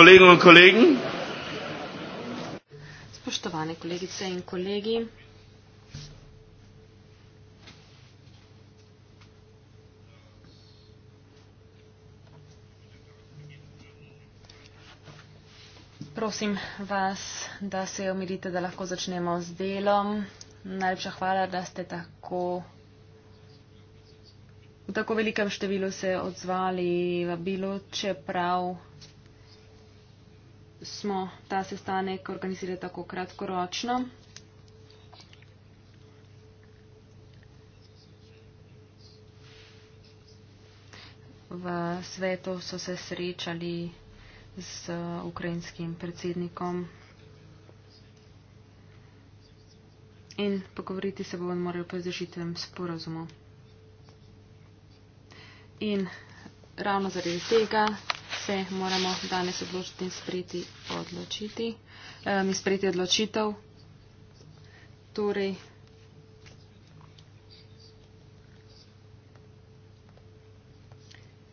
kolegov in kolegin. Spoštovane kolegice in kolegi. Prosim vas, da se omirite, da lahko začnemo z delom. Najlepša hvala, da ste tako v tako velikem številu se odzvali v bilo, čeprav smo ta sestanek organizirali tako kratkoročno. V svetu so se srečali z ukrajinskim predsednikom in pogovoriti se bomo morali o zašitvem sporozumu. In ravno zaradi tega se moramo danes odločiti in spriti odločiti, um, spriti odločitev. Torej,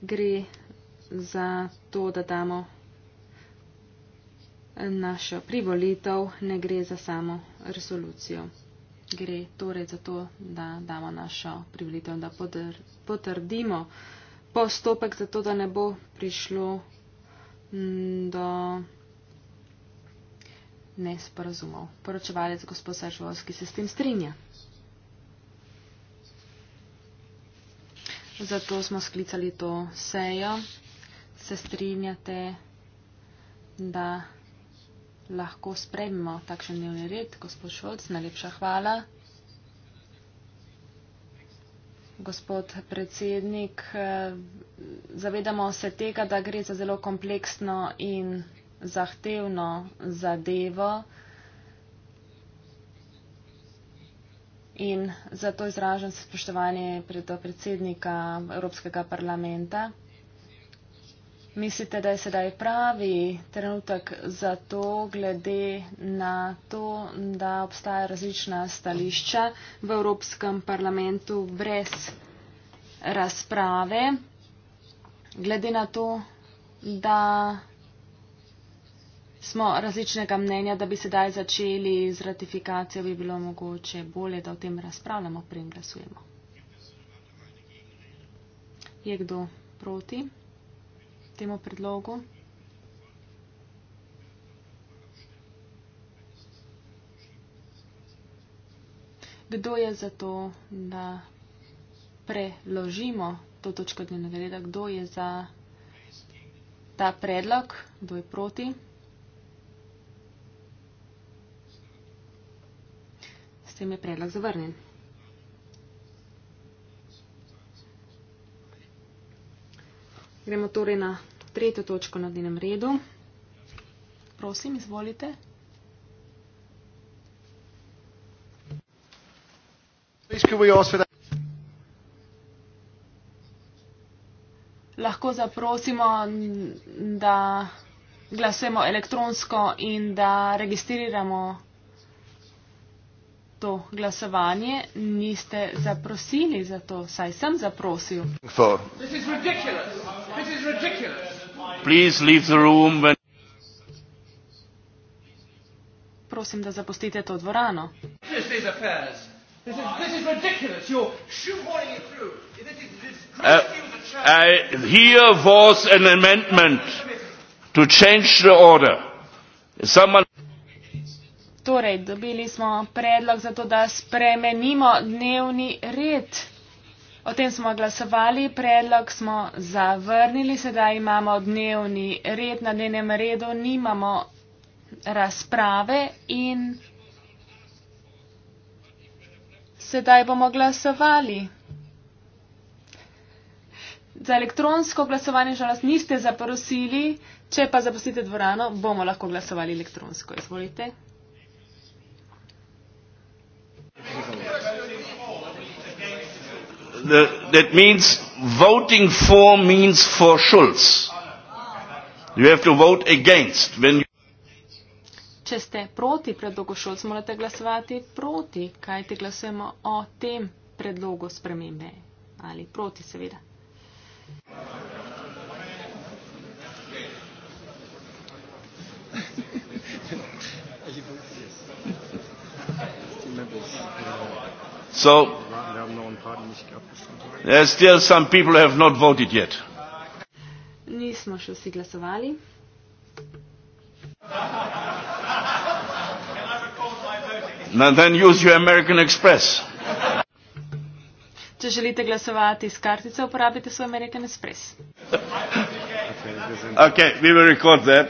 gre za to, da damo našo privolitev, ne gre za samo resolucijo. Gre torej za to, da damo našo privolitev, da potrdimo. Podr postopek, zato da ne bo prišlo mm, do nesporazumov. Poročevalec gospod Sažovski se s tem strinja. Zato smo sklicali to sejo. Se strinjate, da lahko spremimo takšen dnevni red, gospod Šolc, najlepša hvala gospod predsednik. Eh, zavedamo se tega, da gre za zelo kompleksno in zahtevno zadevo. In zato izražam spoštovanje pred predsednika Evropskega parlamenta. Mislite, da je sedaj pravi trenutek za to, glede na to, da obstaja različna stališča v Evropskem parlamentu brez razprave, glede na to, da smo različnega mnenja, da bi sedaj začeli z ratifikacijo, bi bilo mogoče bolje, da o tem razpravljamo, preden glasujemo. Je kdo proti? temu predlogu. Kdo je za to, da preložimo to točko dnevnega reda? Kdo je za ta predlog? Kdo je proti? S tem je predlog zavrnjen. Gremo torej na tretjo točko na dnevnem redu. Prosim, izvolite. Lahko zaprosimo, da glasujemo elektronsko in da registriramo to glasovanje. Niste zaprosili za to, saj sem zaprosil. This is ridiculous. That is ridiculous. Please leave the room when. Prosim, da zapustite to dvorano. Torej, dobili smo predlog za to, da spremenimo dnevni red. O tem smo glasovali, predlog smo zavrnili, sedaj imamo dnevni red na dnevnem redu, nimamo razprave in sedaj bomo glasovali. Za elektronsko glasovanje že nas niste zaprosili, če pa zapustite dvorano, bomo lahko glasovali elektronsko. Izvolite. Hvala the, that means voting for means for Schulz. You have to vote against. When you Če ste proti predlogu Šulc, morate glasovati proti, kaj te glasujemo o tem predlogu spremembe. Ali proti, seveda. So, Nismo še vsi glasovali. Če želite glasovati s kartico, uporabite svoj American Express. Okay, we will record that.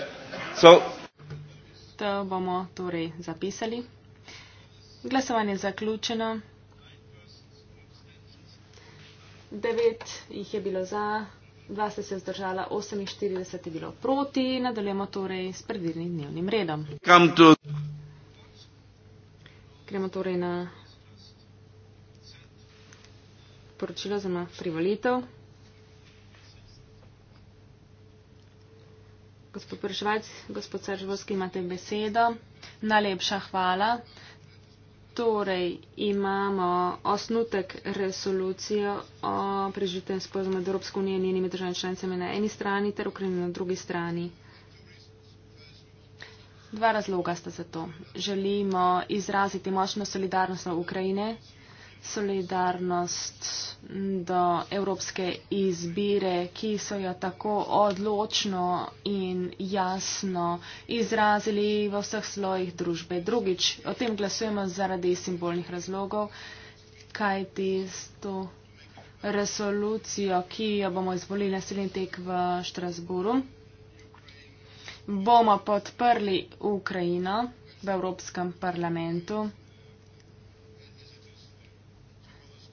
So, to bomo torej zapisali. Glasovanje je zaključeno. 9 jih je bilo za, 2 ste se vzdržala, 48 je bilo proti. Nadaljujemo torej s predvidnim dnevnim redom. Gremo torej na poročilo za privolitev. Gospod Prešvajc, gospod Seržvorski, imate besedo. Najlepša hvala. Torej imamo osnutek resolucije o prežitem spozu med Evropsko unijo in njenimi državami članicami na eni strani ter Ukrajino na drugi strani. Dva razloga sta za to. Želimo izraziti močno solidarnost na Ukrajine solidarnost do evropske izbire, ki so jo tako odločno in jasno izrazili v vseh slojih družbe. Drugič, o tem glasujemo zaradi simbolnih razlogov, kajti s to resolucijo, ki jo bomo izvolili naslednji tek v Štrasburu, bomo podprli Ukrajino v Evropskem parlamentu.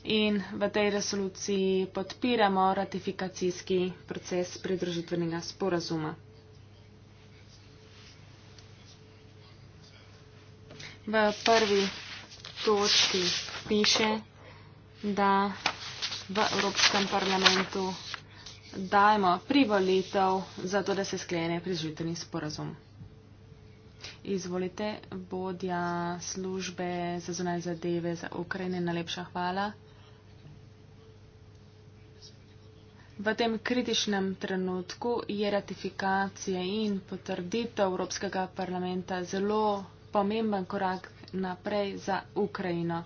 in v tej resoluciji podpiramo ratifikacijski proces pridružitvenega sporazuma. V prvi točki piše, da v Evropskem parlamentu dajemo privolitev za to, da se sklene pridružitveni sporazum. Izvolite, bodja službe za zunaj zadeve za Ukrajine, najlepša hvala. V tem kritičnem trenutku je ratifikacija in potrditev Evropskega parlamenta zelo pomemben korak naprej za Ukrajino.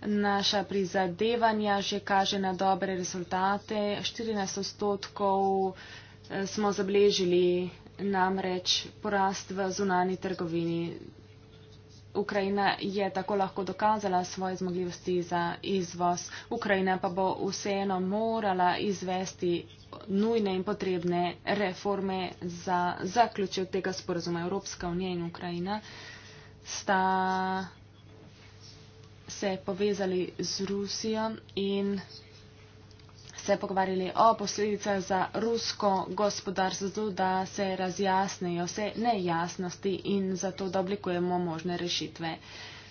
Naša prizadevanja že kaže na dobre rezultate. 14 odstotkov eh, smo zabeležili namreč porast v zunani trgovini. Ukrajina je tako lahko dokazala svoje zmogljivosti za izvoz. Ukrajina pa bo vseeno morala izvesti nujne in potrebne reforme za zaključek tega sporozuma. Evropska unija in Ukrajina sta se povezali z Rusijo in se pogovarjali o posledicah za rusko gospodarstvo, zato da se razjasnejo vse nejasnosti in zato da oblikujemo možne rešitve.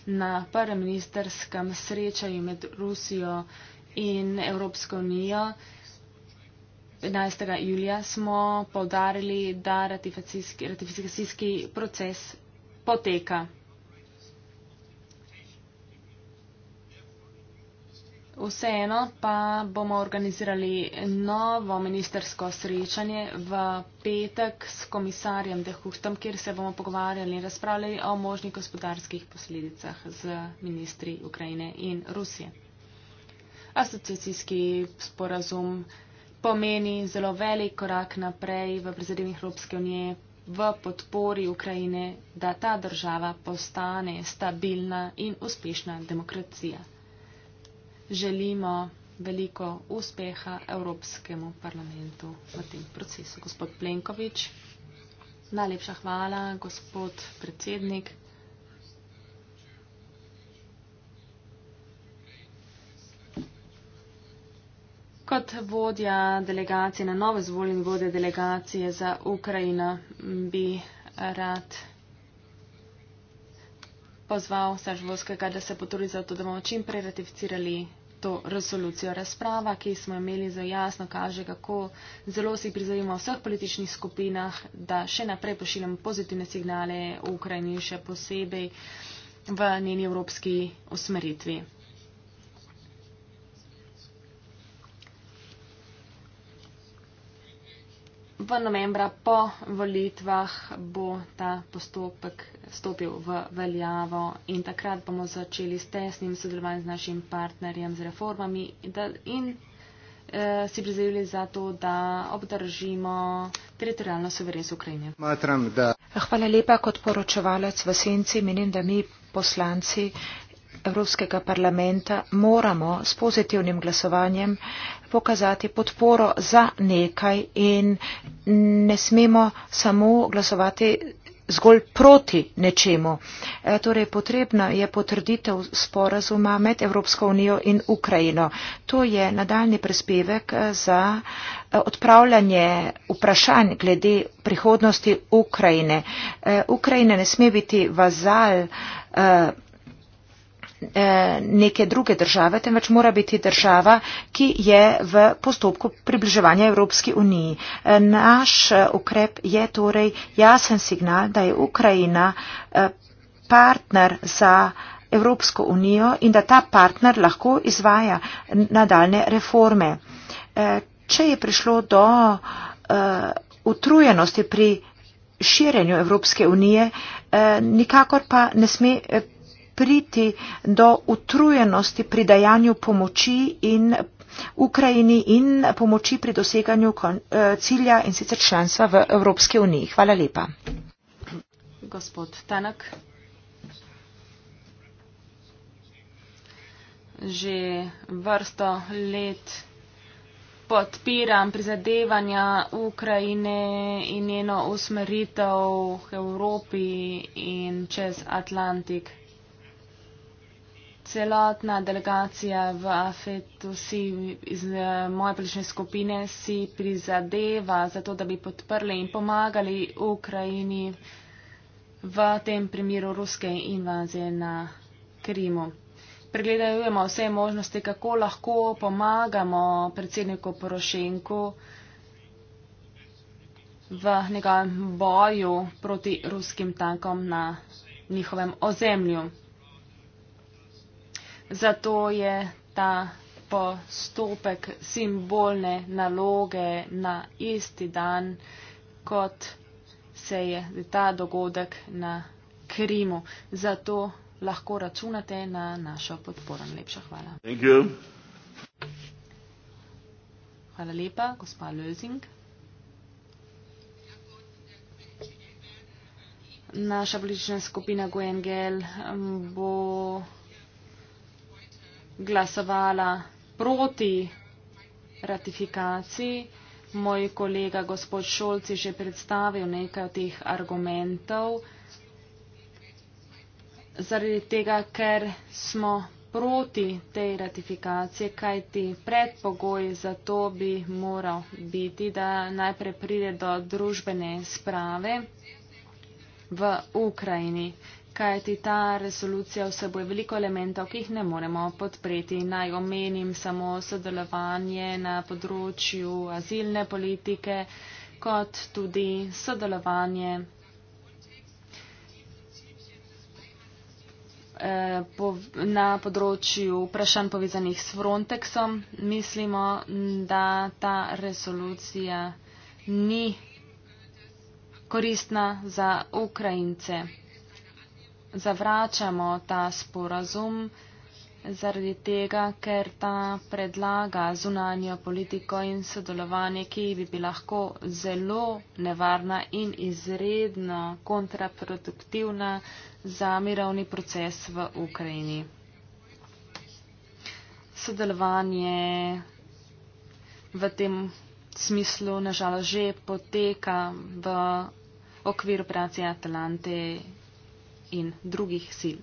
Na prvem ministerskem srečanju med Rusijo in Evropsko unijo 11. julija smo povdarili, da ratifikacijski proces poteka. Vseeno pa bomo organizirali novo ministersko srečanje v petek s komisarjem Dehuhtom, kjer se bomo pogovarjali in razpravljali o možnih gospodarskih posledicah z ministri Ukrajine in Rusije. Asociacijski sporazum pomeni zelo velik korak naprej v prizadevih Evropske unije v podpori Ukrajine, da ta država postane stabilna in uspešna demokracija želimo veliko uspeha Evropskemu parlamentu v tem procesu. Gospod Plenkovič, najlepša hvala, gospod predsednik. Kot vodja delegacije, na novo zvoljen vodja delegacije za Ukrajino, bi rad pozval Sažvoskega, da se potrudi za to, da bomo čim prej ratificirali to rezolucijo. Razprava, ki smo imeli za jasno, kaže, kako zelo si prizadimo v vseh političnih skupinah, da še naprej pošiljamo pozitivne signale v Ukrajini, še posebej v njeni evropski usmeritvi. v novembra po volitvah bo ta postopek stopil v veljavo in takrat bomo začeli s tesnim sodelovanjem z našim partnerjem z reformami in, da, in eh, si prizadevali za to, da obdržimo teritorijalno suverenost Ukrajine. Matram, Hvala lepa kot poročevalec v senci. Menim, da mi poslanci Evropskega parlamenta moramo s pozitivnim glasovanjem pokazati podporo za nekaj in ne smemo samo glasovati zgolj proti nečemu. E, torej, potrebna je potrditev sporazuma med Evropsko unijo in Ukrajino. To je nadaljni prispevek e, za e, odpravljanje vprašanj glede prihodnosti Ukrajine. E, Ukrajina ne sme biti vazal. E, Eh, neke druge države, temveč mora biti država, ki je v postopku približevanja Evropski uniji. Eh, naš eh, ukrep je torej jasen signal, da je Ukrajina partner za Evropsko unijo in da ta partner lahko izvaja nadaljne reforme. Če je prišlo do utrujenosti pri širjenju Evropske unije, nikakor pa ne sme priti do utrujenosti pri dajanju pomoči in Ukrajini in pomoči pri doseganju eh, cilja in sicer članstva v Evropske uniji. Hvala lepa. Gospod Tanak. Že vrsto let podpiram prizadevanja Ukrajine in njeno usmeritev v Evropi in čez Atlantik celotna delegacija v Afetu, vsi iz eh, moje politične skupine si prizadeva za to, da bi podprli in pomagali Ukrajini v tem primeru ruske invazije na Krimu. Pregledujemo vse možnosti, kako lahko pomagamo predsedniku Porošenku v njegovem boju proti ruskim tankom na njihovem ozemlju. Zato je ta postopek simbolne naloge na isti dan, kot se je ta dogodek na Krimu. Zato lahko računate na našo podporo. Najlepša hvala. Hvala lepa, gospa Lözing. Naša politična skupina Gojengel bo glasovala proti ratifikaciji. Moj kolega gospod Šolci že predstavil nekaj teh argumentov. Zaradi tega, ker smo proti tej ratifikacije, kajti predpogoj za to bi moral biti, da najprej pride do družbene sprave v Ukrajini kajti ta resolucija vsebuje veliko elementov, ki jih ne moremo podpreti. Naj omenim samo sodelovanje na področju azilne politike, kot tudi sodelovanje eh, na področju vprašanj povezanih s Frontexom. Mislimo, da ta resolucija ni koristna za Ukrajince zavračamo ta sporazum zaradi tega, ker ta predlaga zunanjo politiko in sodelovanje, ki bi bila lahko zelo nevarna in izredno kontraproduktivna za mirovni proces v Ukrajini. Sodelovanje v tem smislu nažalost že poteka v okviru operacije Atalante in drugih sil.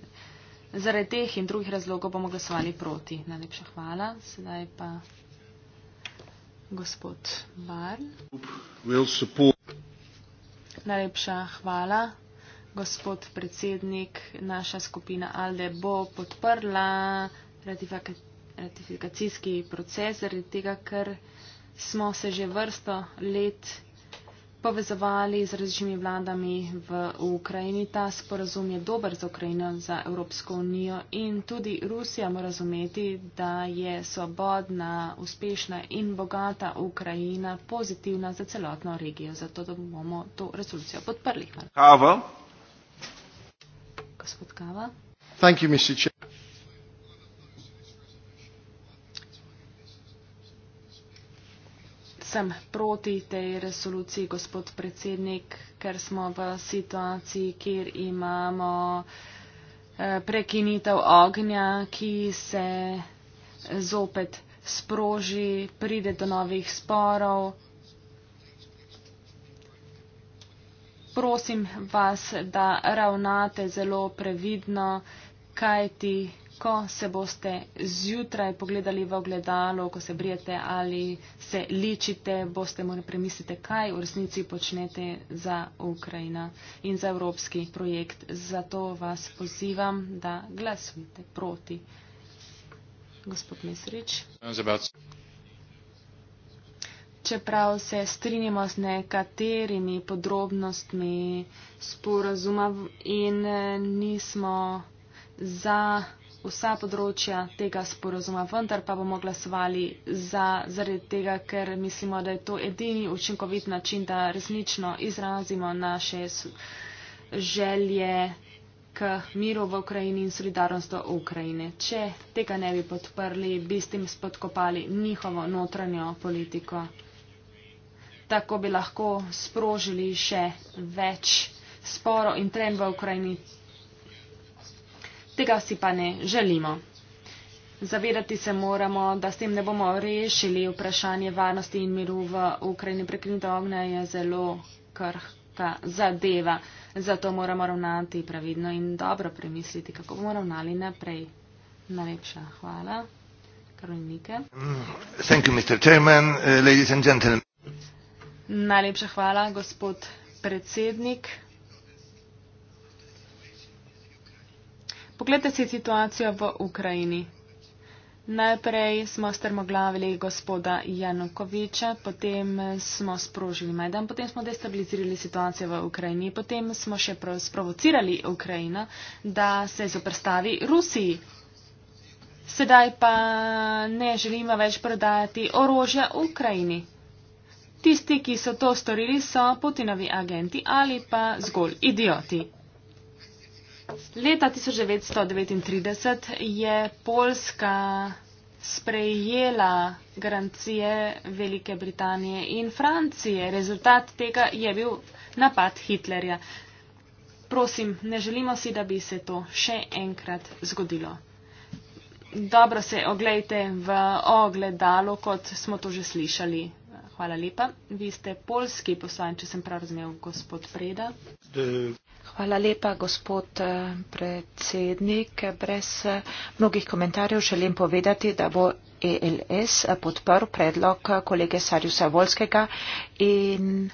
Zaradi teh in drugih razlogov bomo glasovali proti. Najlepša hvala. Sedaj pa gospod Barn. Najlepša hvala. Gospod predsednik, naša skupina Alde bo podprla ratifikacijski proces zaradi tega, ker smo se že vrsto let povezovali z različnimi vladami v Ukrajini. Ta sporazum je dober za Ukrajino, za Evropsko unijo in tudi Rusija mora razumeti, da je svobodna, uspešna in bogata Ukrajina pozitivna za celotno regijo. Zato bomo to resolucijo podprli. Hvala. Kava. Gospod Kava. Thank you, Mr. Chair. sem proti tej resoluciji, gospod predsednik, ker smo v situaciji, kjer imamo eh, prekinitev ognja, ki se zopet sproži, pride do novih sporov. Prosim vas, da ravnate zelo previdno, kajti ko se boste zjutraj pogledali v ogledalo, ko se brijete ali se ličite, boste morali premisliti, kaj v resnici počnete za Ukrajina in za evropski projekt. Zato vas pozivam, da glasujete proti. Gospod Mesrič. Čeprav se strinjamo z nekaterimi podrobnostmi sporazuma in eh, nismo za vsa področja tega sporozuma, vendar pa bomo glasovali za, zaradi tega, ker mislimo, da je to edini učinkovit način, da resnično izrazimo naše želje k miru v Ukrajini in solidarnost do Ukrajine. Če tega ne bi podprli, bi s tem spodkopali njihovo notranjo politiko. Tako bi lahko sprožili še več sporo in trend v Ukrajini, Tega si pa ne želimo. Zavedati se moramo, da s tem ne bomo rešili vprašanje varnosti in miru v Ukrajini. Prekinitev ognja je zelo krhka zadeva. Zato moramo ravnati pravidno in dobro premisliti, kako bomo ravnali naprej. Najlepša hvala. Karolinike. Mm, thank you, Mr. Chairman, uh, ladies and gentlemen. Najlepša hvala, gospod predsednik. Poglejte si situacijo v Ukrajini. Najprej smo strmoglavili gospoda Janukoviča, potem smo sprožili Majdan, potem smo destabilizirali situacijo v Ukrajini, potem smo še sprovocirali Ukrajino, da se zoprstavi Rusiji. Sedaj pa ne želimo več prodajati orožja Ukrajini. Tisti, ki so to storili, so Putinovi agenti ali pa zgolj idioti. Leta 1939 je Poljska sprejela garancije Velike Britanije in Francije. Rezultat tega je bil napad Hitlerja. Prosim, ne želimo si, da bi se to še enkrat zgodilo. Dobro se oglejte v ogledalo, kot smo to že slišali Hvala lepa. Vi ste polski poslanec, če sem prav razumel, gospod Freda. De. Hvala lepa, gospod eh, predsednik. Brez eh, mnogih komentarjev želim povedati, da bo ELS eh, podprl predlog kolege Sarjusa Volskega in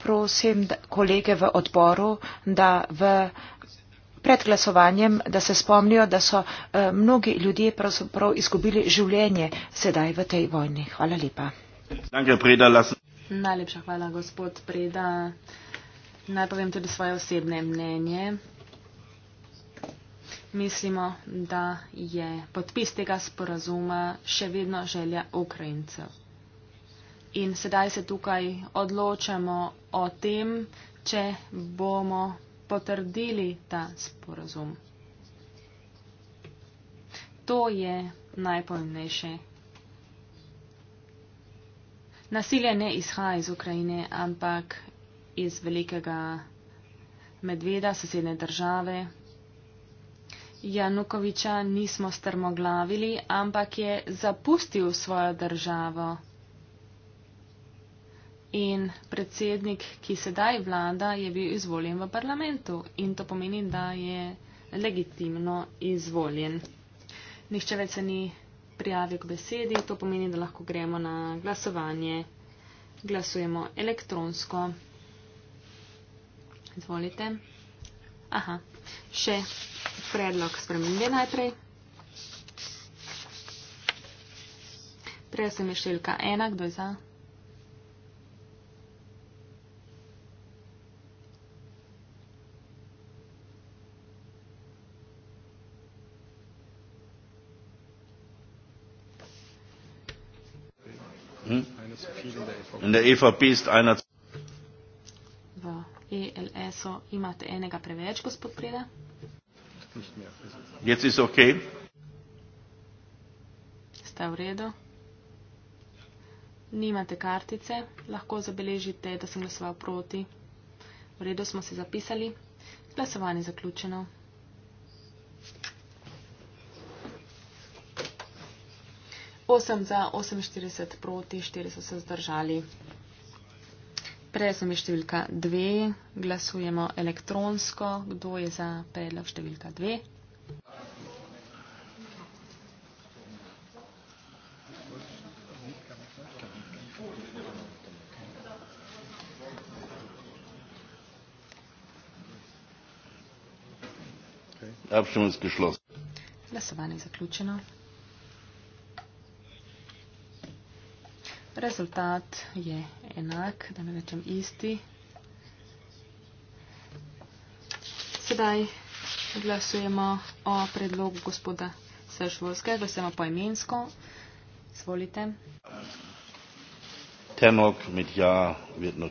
prosim kolege v odboru, da v pred glasovanjem, da se spomnijo, da so eh, mnogi ljudje pravzaprav izgubili življenje sedaj v tej vojni. Hvala lepa. Najlepša hvala, gospod Preda. Naj povem tudi svoje osebne mnenje. Mislimo, da je podpis tega sporazuma še vedno želja Ukrajincev. In sedaj se tukaj odločamo o tem, če bomo potrdili ta sporazum. To je najpomembnejše. Nasilje ne izhaja iz Ukrajine, ampak iz velikega medveda sosedne države. Janukoviča nismo strmoglavili, ampak je zapustil svojo državo. In predsednik, ki sedaj vlada, je bil izvoljen v parlamentu in to pomeni, da je legitimno izvoljen. Nihče več se ni prijavil k besedi, to pomeni, da lahko gremo na glasovanje. Glasujemo elektronsko. Izvolite. Aha, še predlog spremembe najprej. Prej sem je številka ena, kdo je za? In der EVP ist einer V ELS-u imate enega preveč, gospod Preda. Jetzt ist okay. Ste v redu? Nimate kartice, lahko zabeležite, da sem glasoval proti. V redu smo se zapisali. Glasovanje zaključeno. 8 za 48 proti 4 so se zdržali. Prezem je številka 2, glasujemo elektronsko. Kdo je za predlog številka 2? Glasovanje je zaključeno. rezultat je enak, da ne rečem isti. Sedaj glasujemo o predlogu gospoda Sršvolske, glasujemo po imensko. Zvolite. Tenok, Medja, Vedno.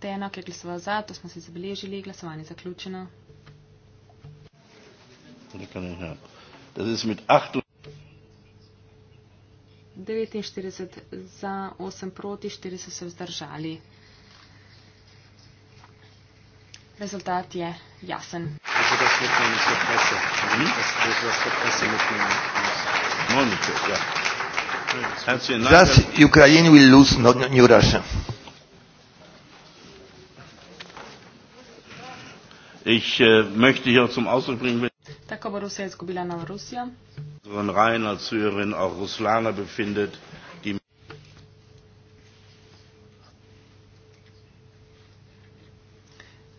Tenok je glasoval za, to smo si zabeležili, glasovanje zaključeno. Ja. Da kann ich ja. Das ist mit acht. 49 za, 8 proti, 4 so se vzdržali. Rezultat je jasen. Zdaj v Ukrajini bo izgubila novo no, Rusijo. Ich äh, möchte hier zum Ausdruck bringen. Tako bo Rusija izgubila novo Rusijo von Reihen als Zuhörerin auch Ruslana befindet, die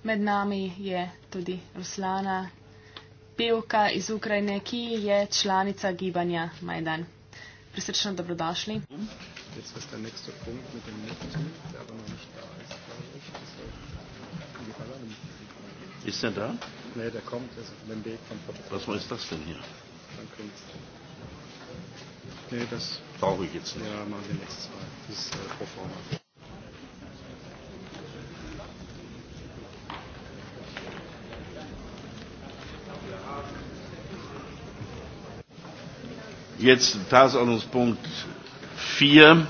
Med nami je tudi Ruslana, pevka iz Ukrajine, ki je članica gibanja Majdan. Prisrčno dobrodošli. Ist er da? Nee, der kommt, ist auf dem Weg von Was ist das denn hier? Danke. Nee, das brauche ich jetzt nicht. Ja, machen wir nächstes Mal. Das ist äh, pro forma. Jetzt Tagesordnungspunkt 4.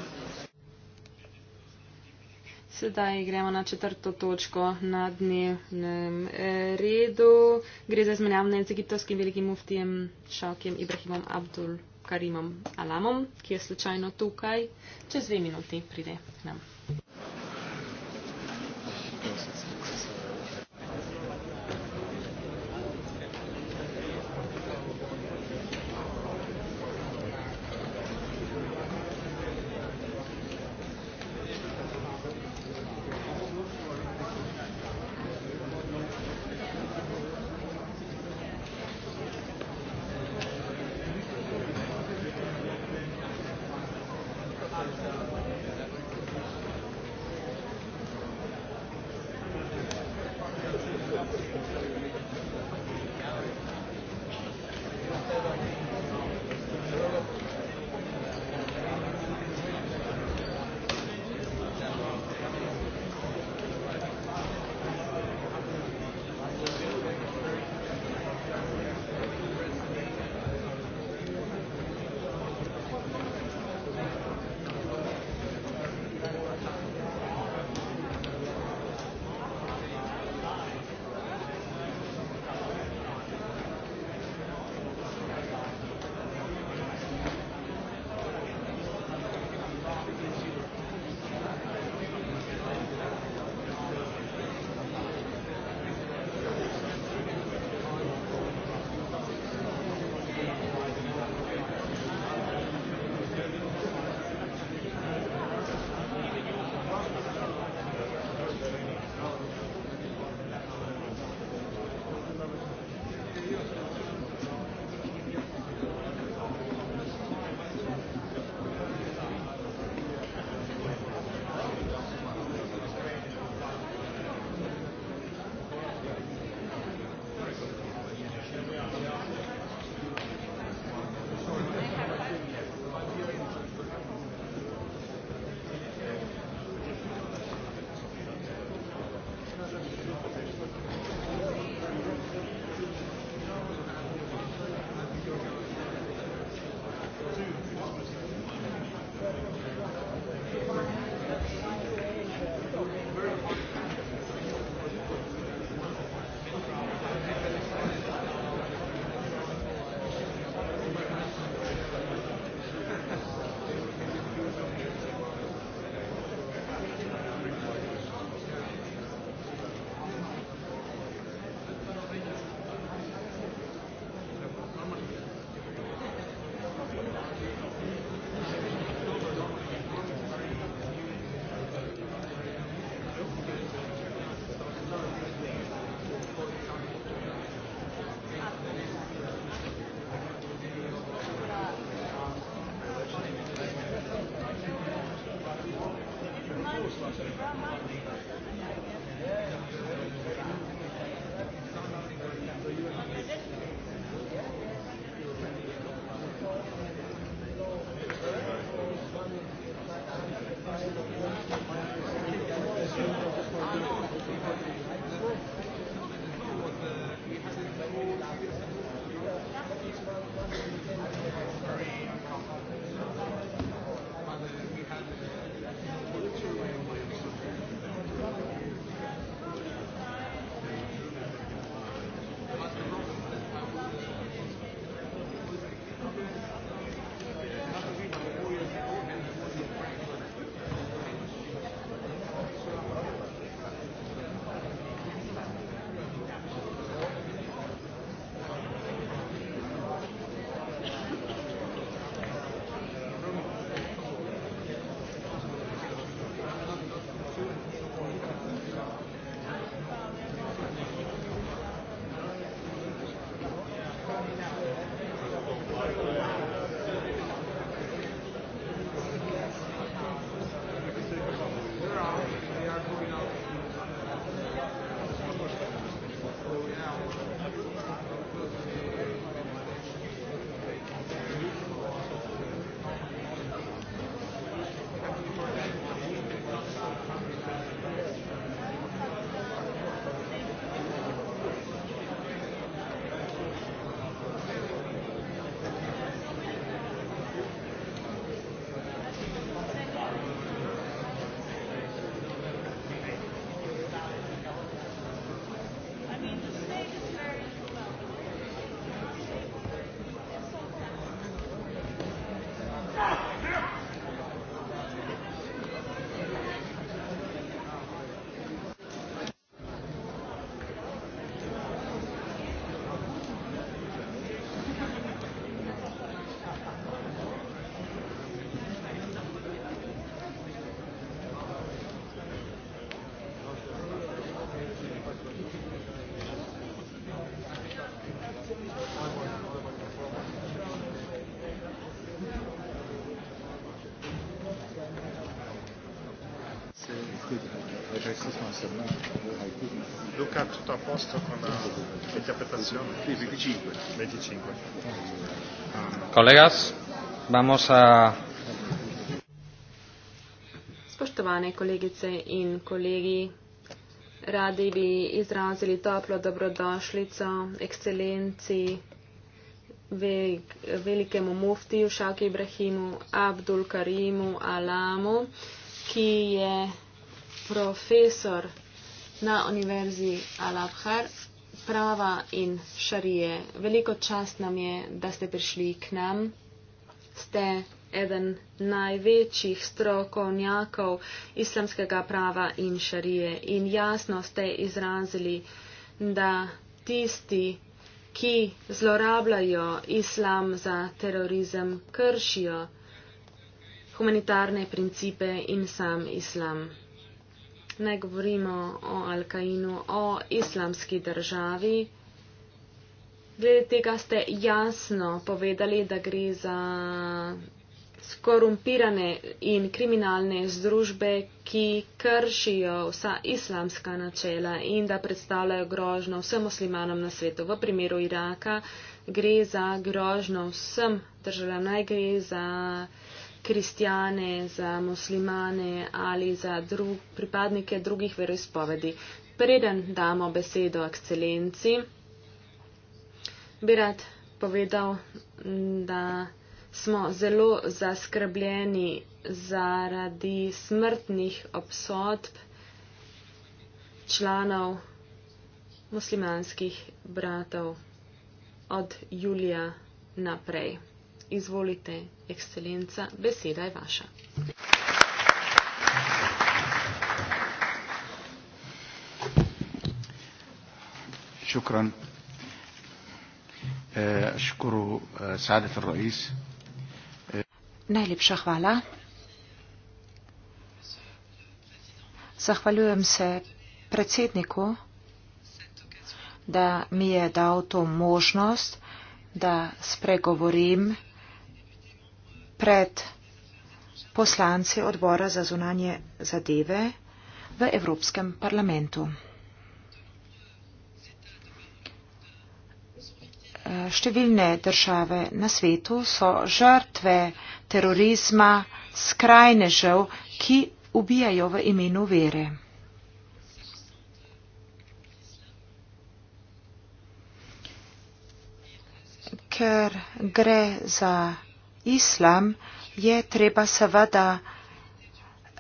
Sedaj gremo na četrto točko na dnevnem eh, redu. Gre za izmenjavne z egiptovskim velikim muftijem Šaukjem Ibrahimom Abdul Karimom Alamom, ki je slučajno tukaj. Čez dve minuti pride k nam. tutto a posto con la interpretazione? Sì, 25. 25. Collegas, vamos a... Spoštovane kolegice in kolegi, radi bi izrazili toplo dobrodošlico ekscelenci velikemu muftiju Šaki Ibrahimu Abdul Karimu Alamu, ki je profesor na Univerzi Al-Abhar, prava in šarije. Veliko čast nam je, da ste prišli k nam. Ste eden največjih strokovnjakov islamskega prava in šarije in jasno ste izrazili, da tisti, ki zlorabljajo islam za terorizem, kršijo humanitarne principe in sam islam ne govorimo o Alkainu, o islamski državi. Glede tega ste jasno povedali, da gre za skorumpirane in kriminalne združbe, ki kršijo vsa islamska načela in da predstavljajo grožno vsem muslimanom na svetu. V primeru Iraka gre za grožno vsem državljanom, naj gre za kristijane, za muslimane ali za drug, pripadnike drugih veroizpovedi. Preden damo besedo ekscelenci, bi rad povedal, da smo zelo zaskrbljeni zaradi smrtnih obsodb članov muslimanskih bratov od julija naprej. Izvolite, ekscelenca, beseda je vaša. Šukran. Eh, škuru eh, Sadet Rojis. Eh, Najlepša hvala. Zahvaljujem se predsedniku, da mi je dal to možnost, da spregovorim pred poslanci odbora za zunanje zadeve v Evropskem parlamentu. Številne države na svetu so žrtve terorizma skrajnežev, ki ubijajo v imenu vere. Ker gre za islam, je treba seveda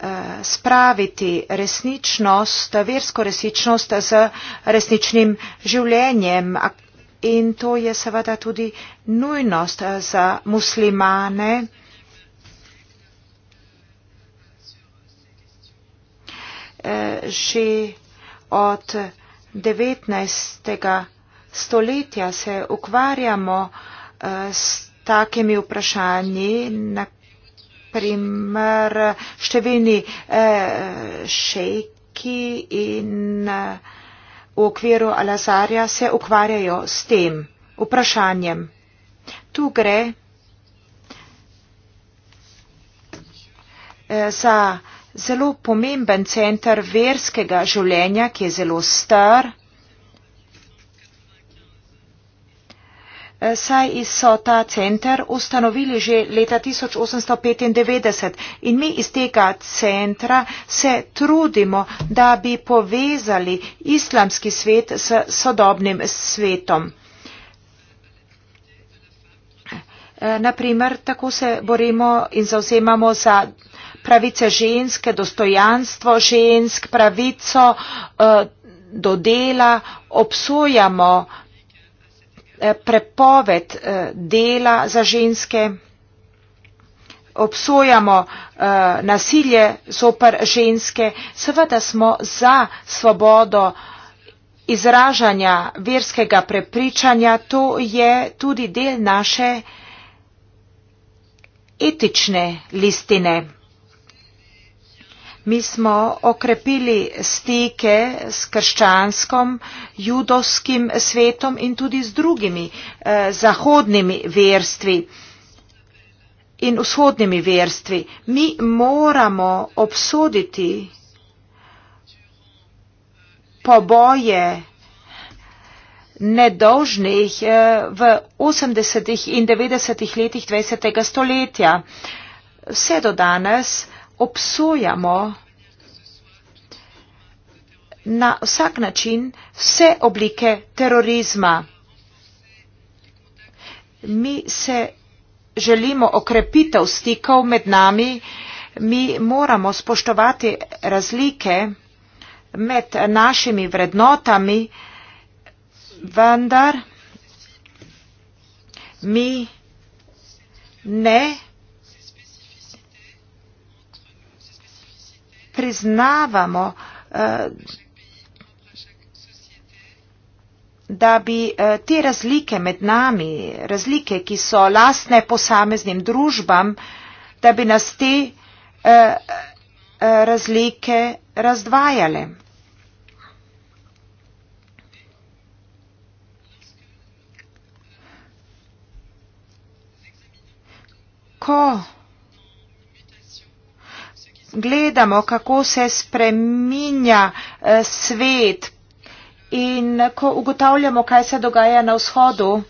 eh, spraviti resničnost, versko resničnost z resničnim življenjem. In to je seveda tudi nujnost eh, za muslimane. Eh, že od 19. stoletja se ukvarjamo s takimi vprašanji, na primer številni eh, šejki in eh, v okviru Alazarja se ukvarjajo s tem vprašanjem. Tu gre eh, za zelo pomemben center verskega življenja, ki je zelo star. Eh, saj so ta center ustanovili že leta 1895 in mi iz tega centra se trudimo, da bi povezali islamski svet s sodobnim svetom. Eh, Naprimer, tako se borimo in zauzemamo za pravice ženske, dostojanstvo žensk, pravico eh, do dela, obsojamo Eh, prepoved eh, dela za ženske, obsojamo eh, nasilje zoper ženske, seveda smo za svobodo izražanja verskega prepričanja, to je tudi del naše etične listine. Mi smo okrepili stike s krščanskom, judovskim svetom in tudi z drugimi eh, zahodnimi verstvi in vzhodnimi verstvi. Mi moramo obsoditi poboje nedolžnih eh, v 80. in 90. letih 20. stoletja. Vse do danes obsojamo na vsak način vse oblike terorizma. Mi se želimo okrepitev stikov med nami, mi moramo spoštovati razlike med našimi vrednotami, vendar mi ne priznavamo, eh, da bi eh, te razlike med nami, razlike, ki so lastne posameznim družbam, da bi nas te eh, razlike razdvajale. Ko gledamo, kako se spreminja eh, svet in ko ugotavljamo, kaj se dogaja na vzhodu.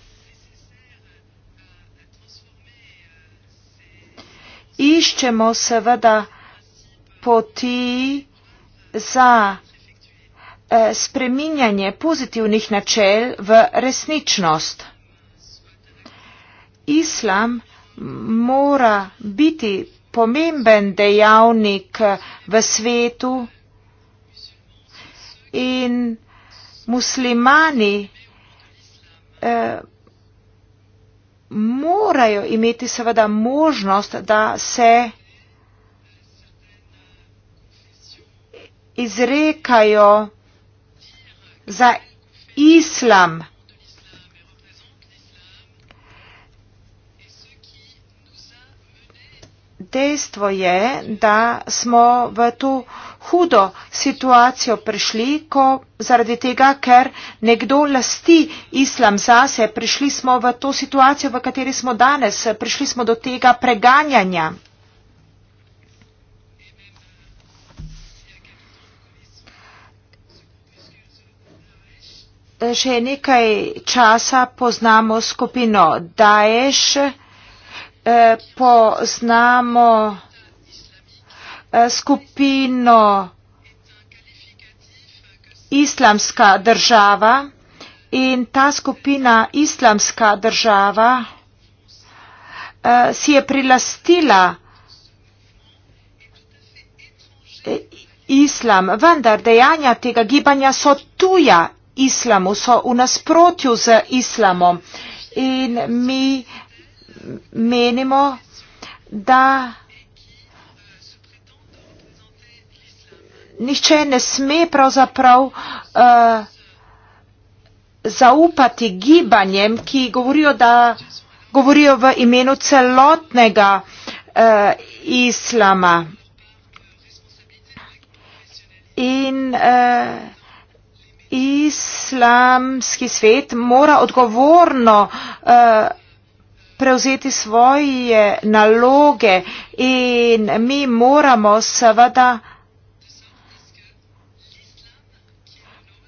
Iščemo seveda poti za eh, spreminjanje pozitivnih načel v resničnost. Islam mora biti pomemben dejavnik eh, v svetu in muslimani eh, morajo imeti seveda možnost, da se izrekajo za islam. dejstvo je, da smo v tu hudo situacijo prišli, ko zaradi tega, ker nekdo lasti islam zase, prišli smo v to situacijo, v kateri smo danes, prišli smo do tega preganjanja. Že nekaj časa poznamo skupino Daesh, poznamo eh, skupino Islamska država in ta skupina Islamska država eh, si je prilastila eh, islam, vendar dejanja tega gibanja so tuja islamu, so v nasprotju z islamom in mi menimo, da nihče ne sme pravzaprav uh, zaupati gibanjem, ki govorijo, da govorijo v imenu celotnega uh, islama. In uh, islamski svet mora odgovorno uh, prevzeti svoje naloge in mi moramo seveda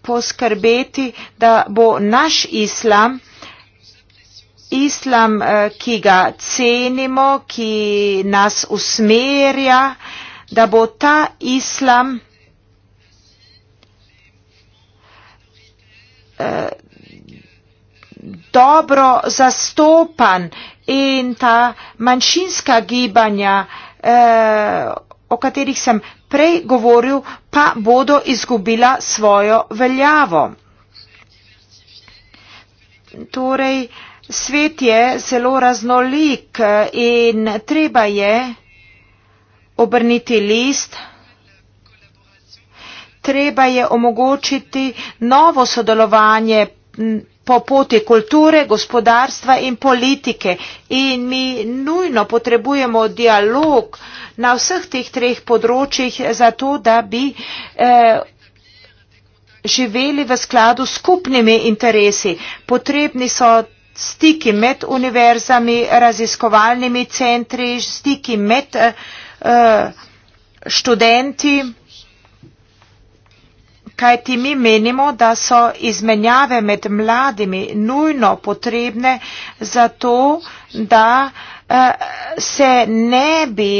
poskrbeti, da bo naš islam, islam, eh, ki ga cenimo, ki nas usmerja, da bo ta islam eh, dobro zastopan in ta manjšinska gibanja, eh, o katerih sem prej govoril, pa bodo izgubila svojo veljavo. Torej, svet je zelo raznolik eh, in treba je obrniti list, treba je omogočiti novo sodelovanje po poti kulture, gospodarstva in politike. In mi nujno potrebujemo dialog na vseh teh treh področjih za to, da bi eh, živeli v skladu s skupnimi interesi. Potrebni so stiki med univerzami, raziskovalnimi centri, stiki med eh, eh, študenti kaj ti mi menimo, da so izmenjave med mladimi nujno potrebne za to, da eh, se ne bi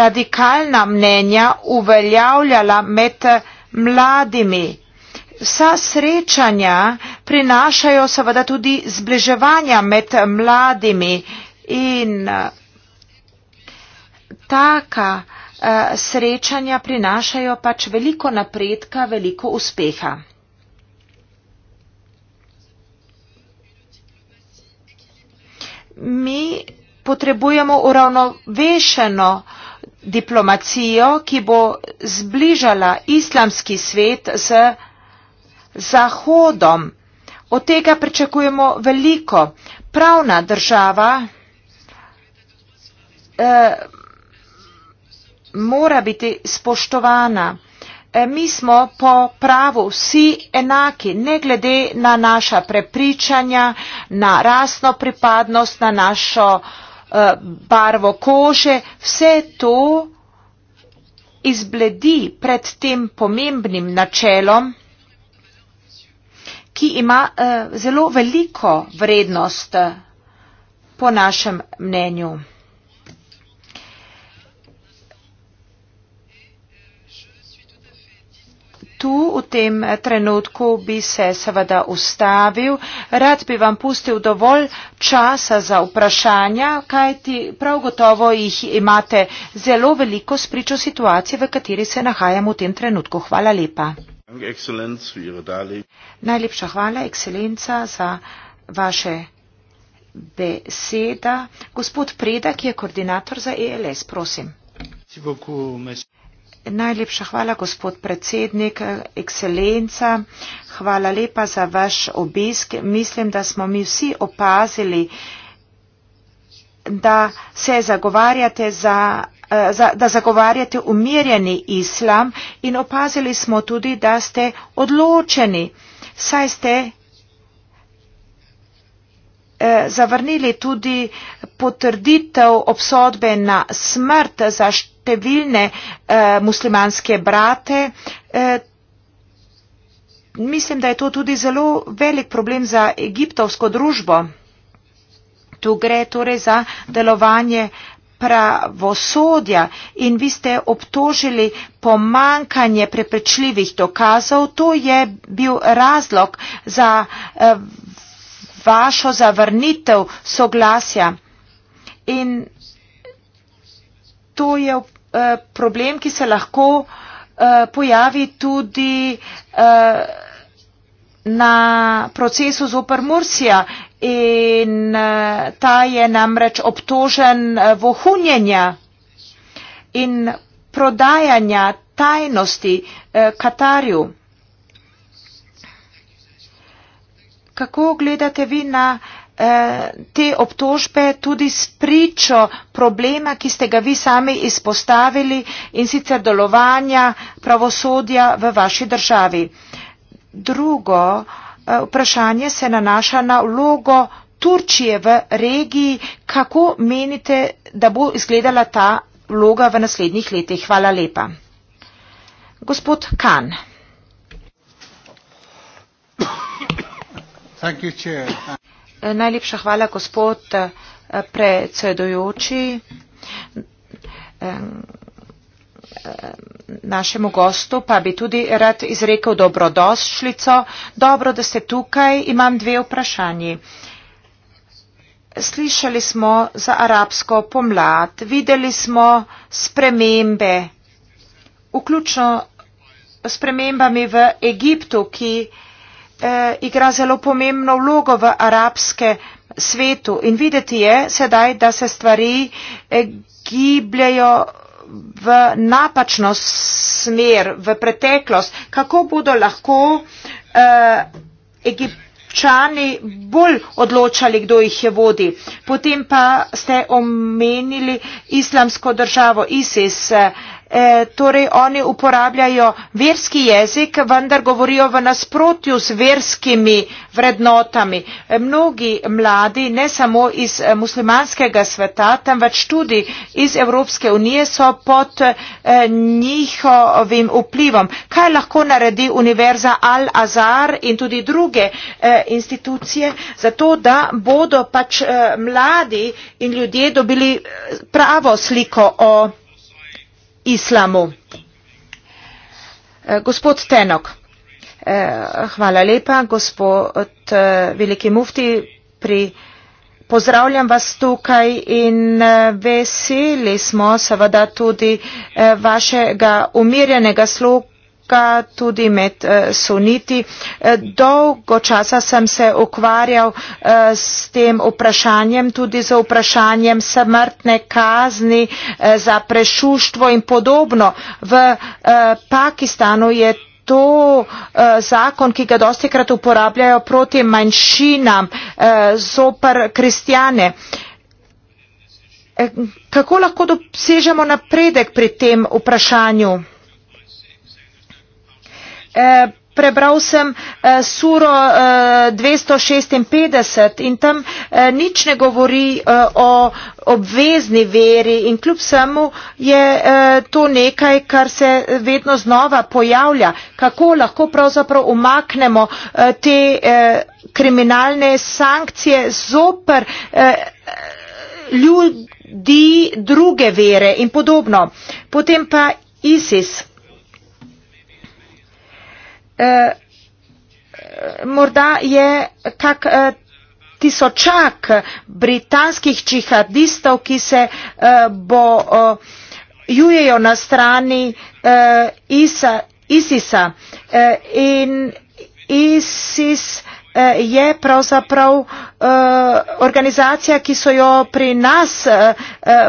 radikalna mnenja uveljavljala med eh, mladimi. Vsa srečanja prinašajo seveda tudi zbliževanja med mladimi in eh, taka Eh, srečanja prinašajo pač veliko napredka, veliko uspeha. Mi potrebujemo uravnovešeno diplomacijo, ki bo zbližala islamski svet z Zahodom. Od tega pričakujemo veliko. Pravna država eh, mora biti spoštovana. E, mi smo po pravu vsi enaki, ne glede na naša prepričanja, na rasno pripadnost, na našo e, barvo kože. Vse to izbledi pred tem pomembnim načelom, ki ima e, zelo veliko vrednost po našem mnenju. tu v tem eh, trenutku bi se seveda ustavil. Rad bi vam pustil dovolj časa za vprašanja, kajti prav gotovo jih imate zelo veliko spričo situacije, v kateri se nahajamo v tem trenutku. Hvala lepa. Najlepša hvala, ekscelenca, za vaše beseda. Gospod Predak je koordinator za ELS, prosim. Si boku, mes... Najlepša hvala, gospod predsednik, ekscelenca. Hvala lepa za vaš obisk. Mislim, da smo mi vsi opazili, da se zagovarjate za eh, da zagovarjate umirjeni islam in opazili smo tudi, da ste odločeni, saj ste eh, zavrnili tudi potrditev obsodbe na smrt za številne uh, muslimanske brate. Uh, mislim, da je to tudi zelo velik problem za egiptovsko družbo. Tu gre torej za delovanje pravosodja in vi ste obtožili pomankanje preprečljivih dokazov. To je bil razlog za eh, vašo zavrnitev soglasja. In to je uh, problem, ki se lahko uh, pojavi tudi uh, na procesu zoper Mursija in uh, ta je namreč obtožen uh, vohunjenja in prodajanja tajnosti uh, Katarju. Kako gledate vi na uh, Eh, te obtožbe tudi s pričo problema, ki ste ga vi sami izpostavili in sicer delovanja pravosodja v vaši državi. Drugo eh, vprašanje se nanaša na vlogo Turčije v regiji. Kako menite, da bo izgledala ta vloga v naslednjih letih? Hvala lepa. Gospod Kan. Thank you, Chair. Najlepša hvala, gospod eh, predsedujoči, eh, našemu gostu pa bi tudi rad izrekel dobrodošlico. Dobro, da ste tukaj, imam dve vprašanji. Slišali smo za arabsko pomlad, videli smo spremembe, vključno spremembami v Egiptu, ki eh, igra zelo pomembno vlogo v arabske svetu in videti je sedaj, da se stvari eh, gibljajo v napačno smer, v preteklost. Kako bodo lahko eh, egipčani bolj odločali, kdo jih je vodi? Potem pa ste omenili islamsko državo ISIS. Eh, Eh, torej oni uporabljajo verski jezik, vendar govorijo v nasprotju s verskimi vrednotami. Eh, mnogi mladi, ne samo iz eh, muslimanskega sveta, temveč tudi iz Evropske unije, so pod njihovim vplivom. Kaj lahko naredi Univerza Al-Azhar in tudi druge institucije, zato da bodo pač mladi in ljudje dobili pravo sliko o islamu. Eh, gospod Tenok, eh, hvala lepa, gospod eh, Veliki Mufti, pri Pozdravljam vas tukaj in veseli smo seveda tudi vašega umirjenega sluha ga tudi med eh, suniti. Eh, dolgo časa sem se ukvarjal eh, s tem vprašanjem, tudi z vprašanjem smrtne kazni za prešuštvo in podobno. V Pakistanu je to zakon, ki ga dosti krat uporabljajo proti manjšinam, zopr kristjane. Kako lahko dosežemo napredek pri tem vprašanju? Eh, prebral sem eh, suro 256 eh, in tam nič ne govori o obvezni veri in kljub samo je to nekaj, kar se vedno znova pojavlja, kako lahko pravzaprav umaknemo te kriminalne sankcije zoper ljudi druge vere in podobno. Potem pa ISIS. Eh, morda je kak eh, tisočak britanskih džihadistov, ki se eh, bojujejo na strani ISIS-a. In ISIS Eh, je pravzaprav eh, organizacija, ki so jo pri nas eh,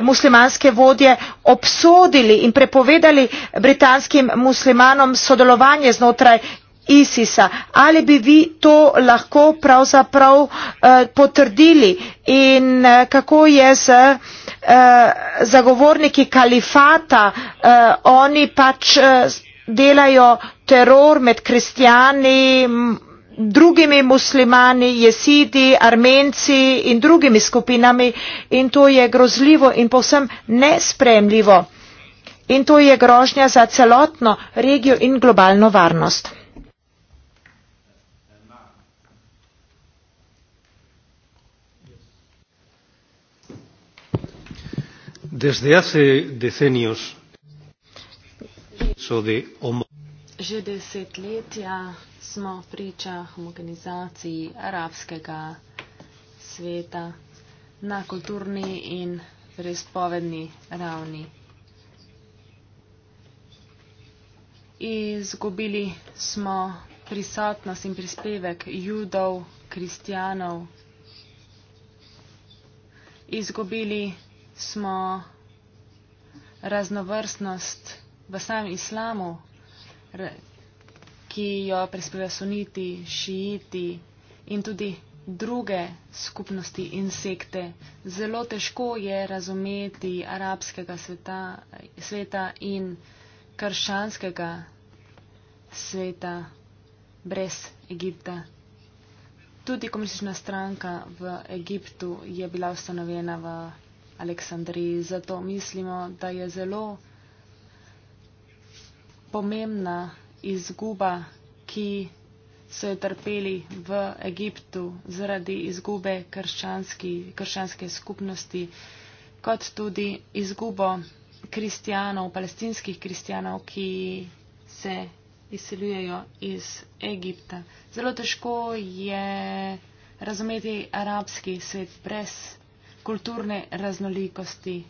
muslimanske vodje obsodili in prepovedali britanskim muslimanom sodelovanje znotraj ISIS-a. Ali bi vi to lahko pravzaprav potrdili in kako je z zagovorniki kalifata, oni pač delajo teror med kristijani, drugimi muslimani, jesidi, armenci in drugimi skupinami in to je grozljivo in povsem nespremljivo. In to je grožnja za celotno regijo in globalno varnost. Desde hace decenios, so de homo... Že desetletja smo priča homogenizaciji arabskega sveta na kulturni in respovedni ravni. Izgubili smo prisotnost in prispevek judov, kristijanov. Izgubili smo raznovrstnost v samem islamu, ki jo prispevajo suniti, šijiti in tudi druge skupnosti in sekte. Zelo težko je razumeti arabskega sveta, sveta in krščanskega sveta brez Egipta. Tudi komunistična stranka v Egiptu je bila ustanovena v Aleksandriji, zato mislimo, da je zelo pomembna izguba, ki so jo trpeli v Egiptu zaradi izgube krščanske skupnosti, kot tudi izgubo kristijanov, palestinskih kristijanov, ki se izseljujejo iz Egipta. Zelo težko je razumeti arabski svet brez kulturne raznolikosti.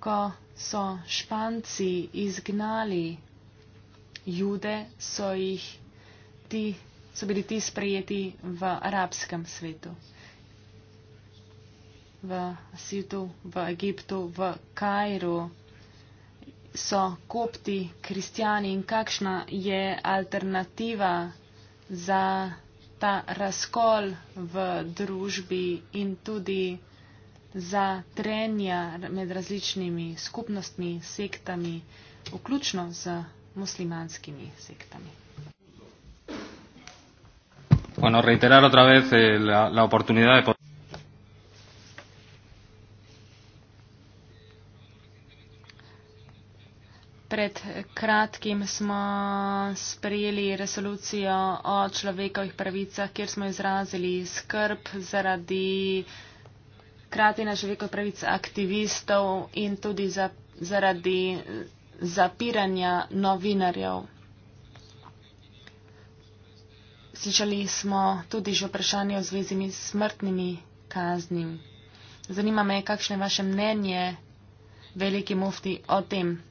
Ko so španci izgnali jude so, jih, ti, so bili ti sprejeti v arabskem svetu. V Asitu, v Egiptu, v Kajru so kopti kristijani in kakšna je alternativa za ta razkol v družbi in tudi za trenja med različnimi skupnostmi, sektami, vključno z muslimanskimi sektami. Bueno, reiterar otra vez eh, la, la oportunidad de poder... Pred kratkim smo sprejeli resolucijo o človekovih pravicah, kjer smo izrazili skrb zaradi kratina človekovih pravic aktivistov in tudi za, zaradi zapiranja novinarjev. Slišali smo tudi že vprašanje o zvezi s smrtnimi kaznimi. Zanima me, kakšno je vaše mnenje, veliki mufti, o tem.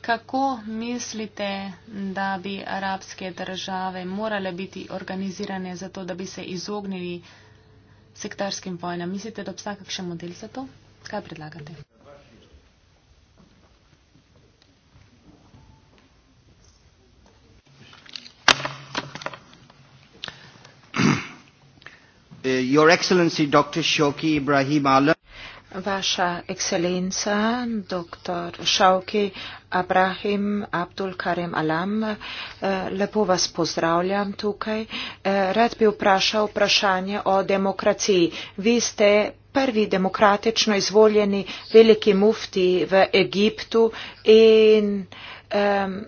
Kako mislite, da bi arabske države morale biti organizirane za to, da bi se izognili sektarskim vojnam? Mislite, da obstaja kakšen model za to? Kaj predlagate? Uh, Your Excellency Dr. Shoki Ibrahim Alam. Vaša ekscelenca, dr. Šavki Abrahim Abdul Karim Alam, uh, lepo vas pozdravljam tukaj. Uh, rad bi vprašal vprašanje o demokraciji. Vi ste prvi demokratično izvoljeni veliki mufti v Egiptu in um,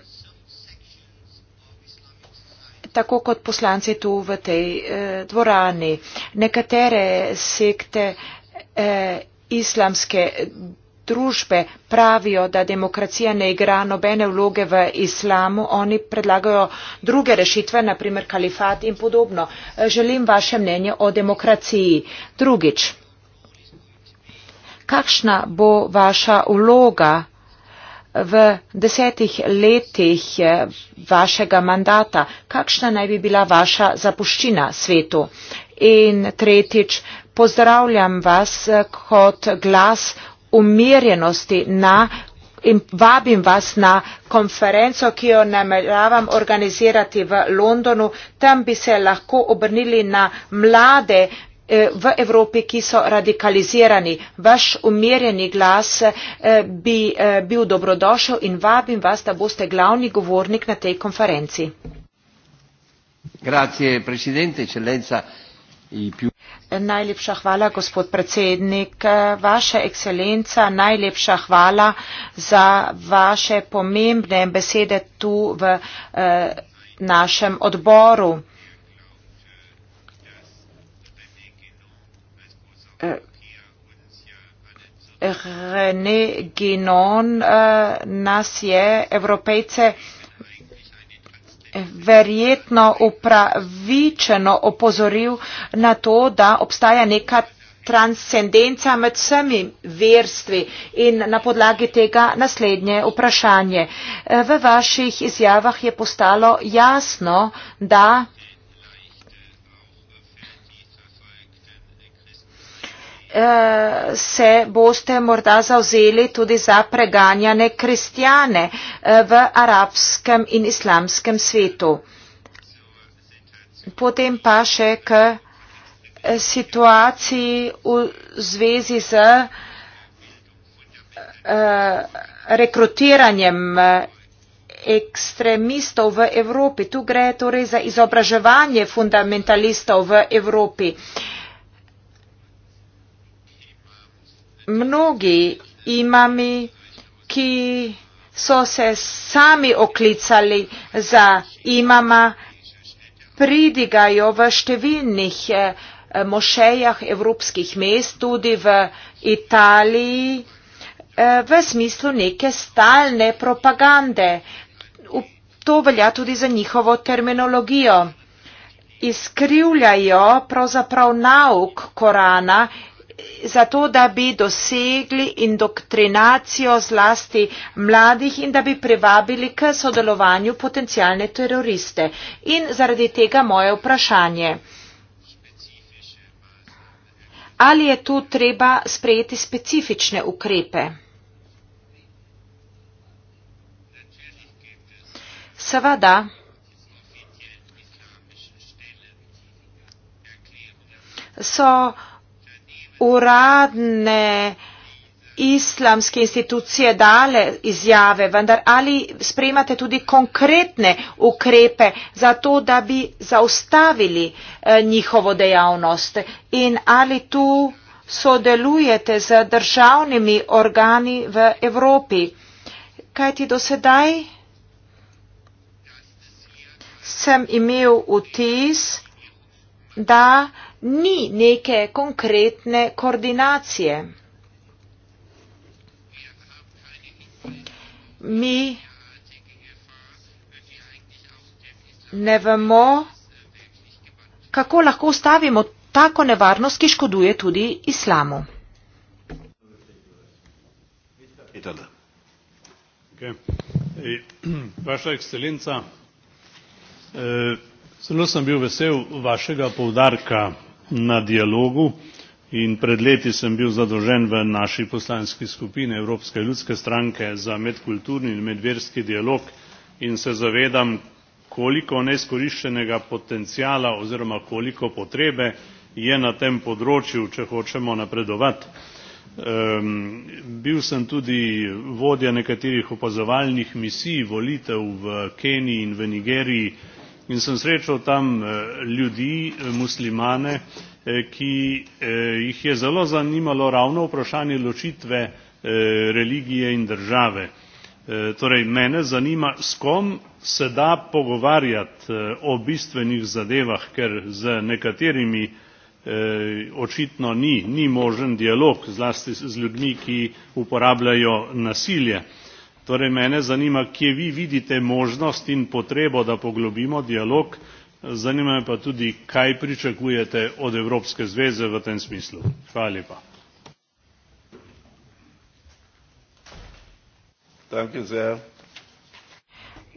tako kot poslanci tu v tej eh, dvorani. Nekatere sekte eh, islamske družbe pravijo, da demokracija ne igra nobene vloge v islamu. Oni predlagajo druge rešitve, naprimer kalifat in podobno. Eh, želim vaše mnenje o demokraciji. Drugič, kakšna bo vaša vloga v desetih letih eh, vašega mandata, kakšna naj bi bila vaša zapuščina svetu. In tretjič, pozdravljam vas eh, kot glas umirjenosti na in vabim vas na konferenco, ki jo nameravam organizirati v Londonu. Tam bi se lahko obrnili na mlade Eh, v Evropi, ki so radikalizirani. Vaš umirjeni glas eh, bi eh, bil dobrodošel in vabim vas, da boste glavni govornik na tej konferenci. Najlepša hvala, gospod predsednik. Vaša ekscelenca, najlepša hvala za vaše pomembne besede tu v eh, našem odboru. René Guénon eh, nas je evropejce verjetno upravičeno opozoril na to, da obstaja neka transcendenca med vsemi verstvi in na podlagi tega naslednje vprašanje. Eh, v vaših izjavah je postalo jasno, da Eh, se boste morda zauzeli tudi za preganjane kristjane eh, v arabskem in islamskem svetu. Potem pa še k eh, situaciji v zvezi z rekrutiranjem ekstremistov v Evropi. Tu gre torej za izobraževanje fundamentalistov v Evropi. Uh, mnogi imami, ki so se sami oklicali za imama, pridigajo v številnih eh, mošejah evropskih mest, tudi v Italiji, eh, v smislu neke stalne propagande. To velja tudi za njihovo terminologijo. Izkrivljajo pravzaprav nauk Korana zato, da bi dosegli indoktrinacijo zlasti mladih in da bi privabili k sodelovanju potencijalne teroriste. In zaradi tega moje vprašanje. Ali je tu treba sprejeti specifične ukrepe? Seveda. So uradne islamske institucije dale izjave, vendar ali spremate tudi konkretne ukrepe za to, da bi zaustavili eh, njihovo dejavnost in ali tu sodelujete z državnimi organi v Evropi. Kaj ti do sedaj? Sem imel vtis, da ni neke konkretne koordinacije. Mi ne vemo, kako lahko ustavimo tako nevarnost, ki škoduje tudi islamu. Okay. Vaša ekscelenca, eh, zelo sem bil vesel vašega povdarka na dialogu in pred leti sem bil zadolžen v naši poslanski skupini evropske ljudske stranke za medkulturni in medverski dialog in se zavedam koliko neizkoriščenega potenciala oziroma koliko potrebe je na tem področju če hočemo napredovati. Um, bil sem tudi vodja nekaterih opazovalnih misij volitev v keniji in v nigeriji in sem srečal tam eh, ljudi eh, muslimane eh, ki jih je zelo zanimalo ravno vprašanje ločitve religije in države torej mene zanima s kom se da pogovarjati o bistvenih zadevah ker z nekaterimi očitno ni ni možen dialog zlasti z ljudmi ki uporabljajo nasilje torej mene zanima kje vi vidite možnost in potrebo da poglobimo dialog zanima me pa tudi kaj pričakujete od evropske zveze v tem smislu hvala lepa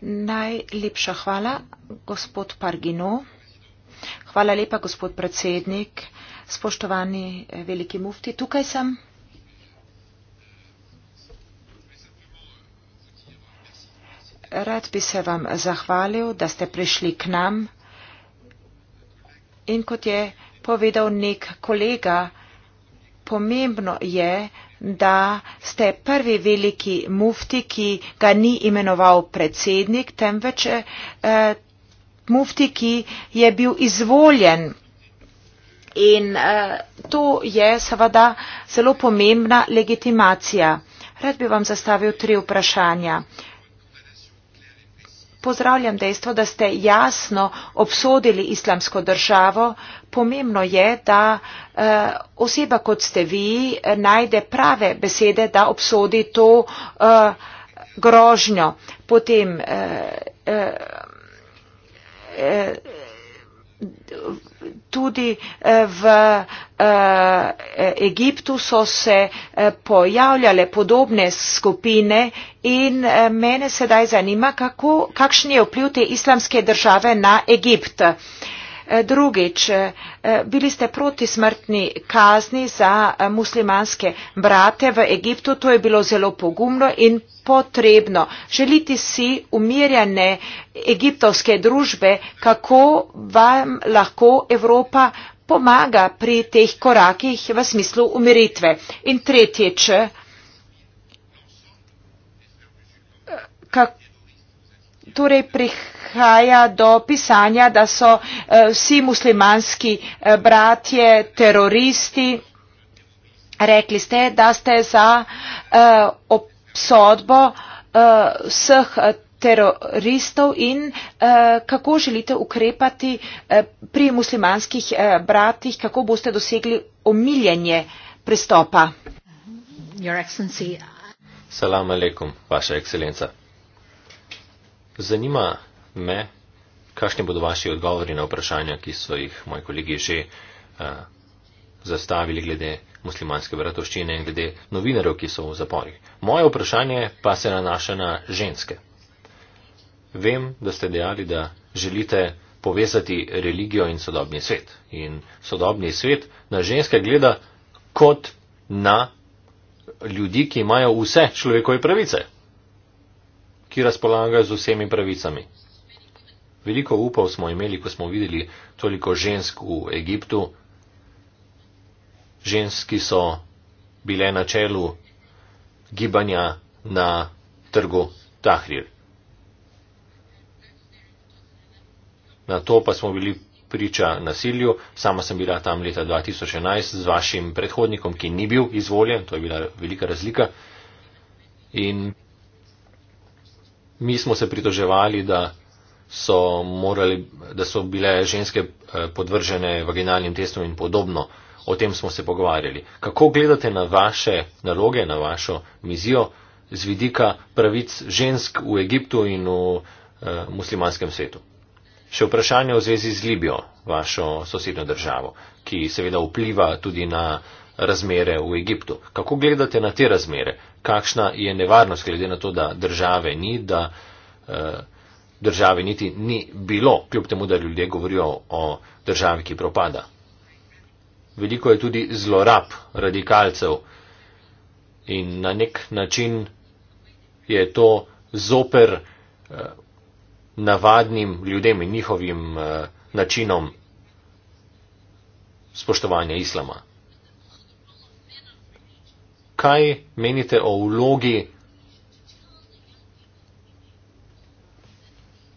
Najlepša hvala, gospod Pargino. Hvala lepa, gospod predsednik. Spoštovani eh, veliki mufti, tukaj sem. rad bi se vam zahvalil, da ste prišli k nam. In kot je povedal nek kolega, pomembno je, da ste prvi veliki mufti, ki ga ni imenoval predsednik, temveč eh, mufti, ki je bil izvoljen. In eh, to je seveda zelo pomembna legitimacija. Rad bi vam zastavil tri vprašanja. Eh, pozdravljam dejstvo, da ste jasno obsodili islamsko državo. Pomembno je, da uh, oseba kot ste vi najde prave besede, da obsodi to uh, grožnjo. Potem, uh, uh, uh, tudi eh, v eh, Egiptu so se eh, pojavljale podobne skupine in mene sedaj zanima, kako, kakšen je vpliv te islamske države na Egipt. Uh, E, drugič, e, bili ste proti smrtni kazni za e, muslimanske brate v Egiptu, to je bilo zelo pogumno in potrebno. Želiti si umirjene egiptovske družbe, kako vam lahko Evropa pomaga pri teh korakih v smislu umiritve. In tretjič, kako. Torej, prihajamo prihaja do pisanja, da so eh, vsi muslimanski eh, bratje teroristi. Rekli ste, da ste za eh, obsodbo vseh teroristov in kako želite ukrepati pri muslimanskih bratih, kako boste dosegli omiljenje pristopa. Salam alaikum, vaša ekscelenca. Zanima me, kakšni bodo vaši odgovori na vprašanja, ki so jih moji kolegi že uh, zastavili glede muslimanske vratoščine in glede novinarjev, ki so v zaporih. Moje vprašanje pa se nanaša na ženske. Vem, da ste dejali, da želite povezati religijo in sodobni svet. In sodobni svet na ženske gleda kot na ljudi, ki imajo vse človekove pravice, ki razpolagajo z vsemi pravicami. Veliko upov smo imeli, ko smo videli toliko žensk v Egiptu, ženski so bile na čelu gibanja na trgu Tahrir. Na to pa smo bili priča nasilju, sama sem bila tam leta 2011 z vašim predhodnikom, ki ni bil izvoljen, to je bila velika razlika. In mi smo se pritoževali, da so, morali, so bile ženske eh, podvržene vaginalnim testom in podobno. O tem smo se pogovarjali. Kako gledate na vaše naloge, na vašo mizijo z vidika pravic žensk v Egiptu in v eh, muslimanskem svetu? Še vprašanje v zvezi z Libijo, vašo sosedno državo, ki seveda vpliva tudi na razmere v Egiptu. Kako gledate na te razmere? Kakšna je nevarnost, glede na to, da države ni, da eh, državi niti ni bilo, kljub temu, da ljudje govorijo o državi, ki propada. Veliko je tudi zlorab radikalcev in na nek način je to zoper eh, navadnim ljudem in njihovim eh, načinom spoštovanja islama. Kaj menite o vlogi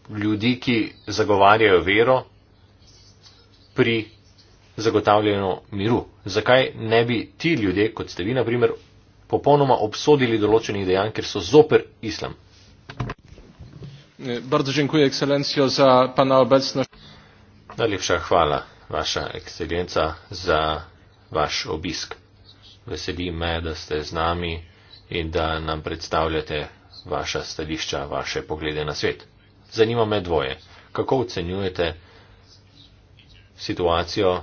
ljudi, ki zagovarjajo vero pri zagotavljanju miru. Zakaj ne bi ti ljudje, kot ste vi, na primer, popolnoma obsodili določenih dejanj, ker so zoper islam? Bardzo dziękuję, ekscelencjo, za pana obecność. Najlepsza chwała, wasza ekscelencja, za wasz obisk. Weseli me, da ste z nami i da nam przedstawiate wasze stadiścia, wasze poglede na świat. Zanima me dvoje. Kako ocenjujete situacijo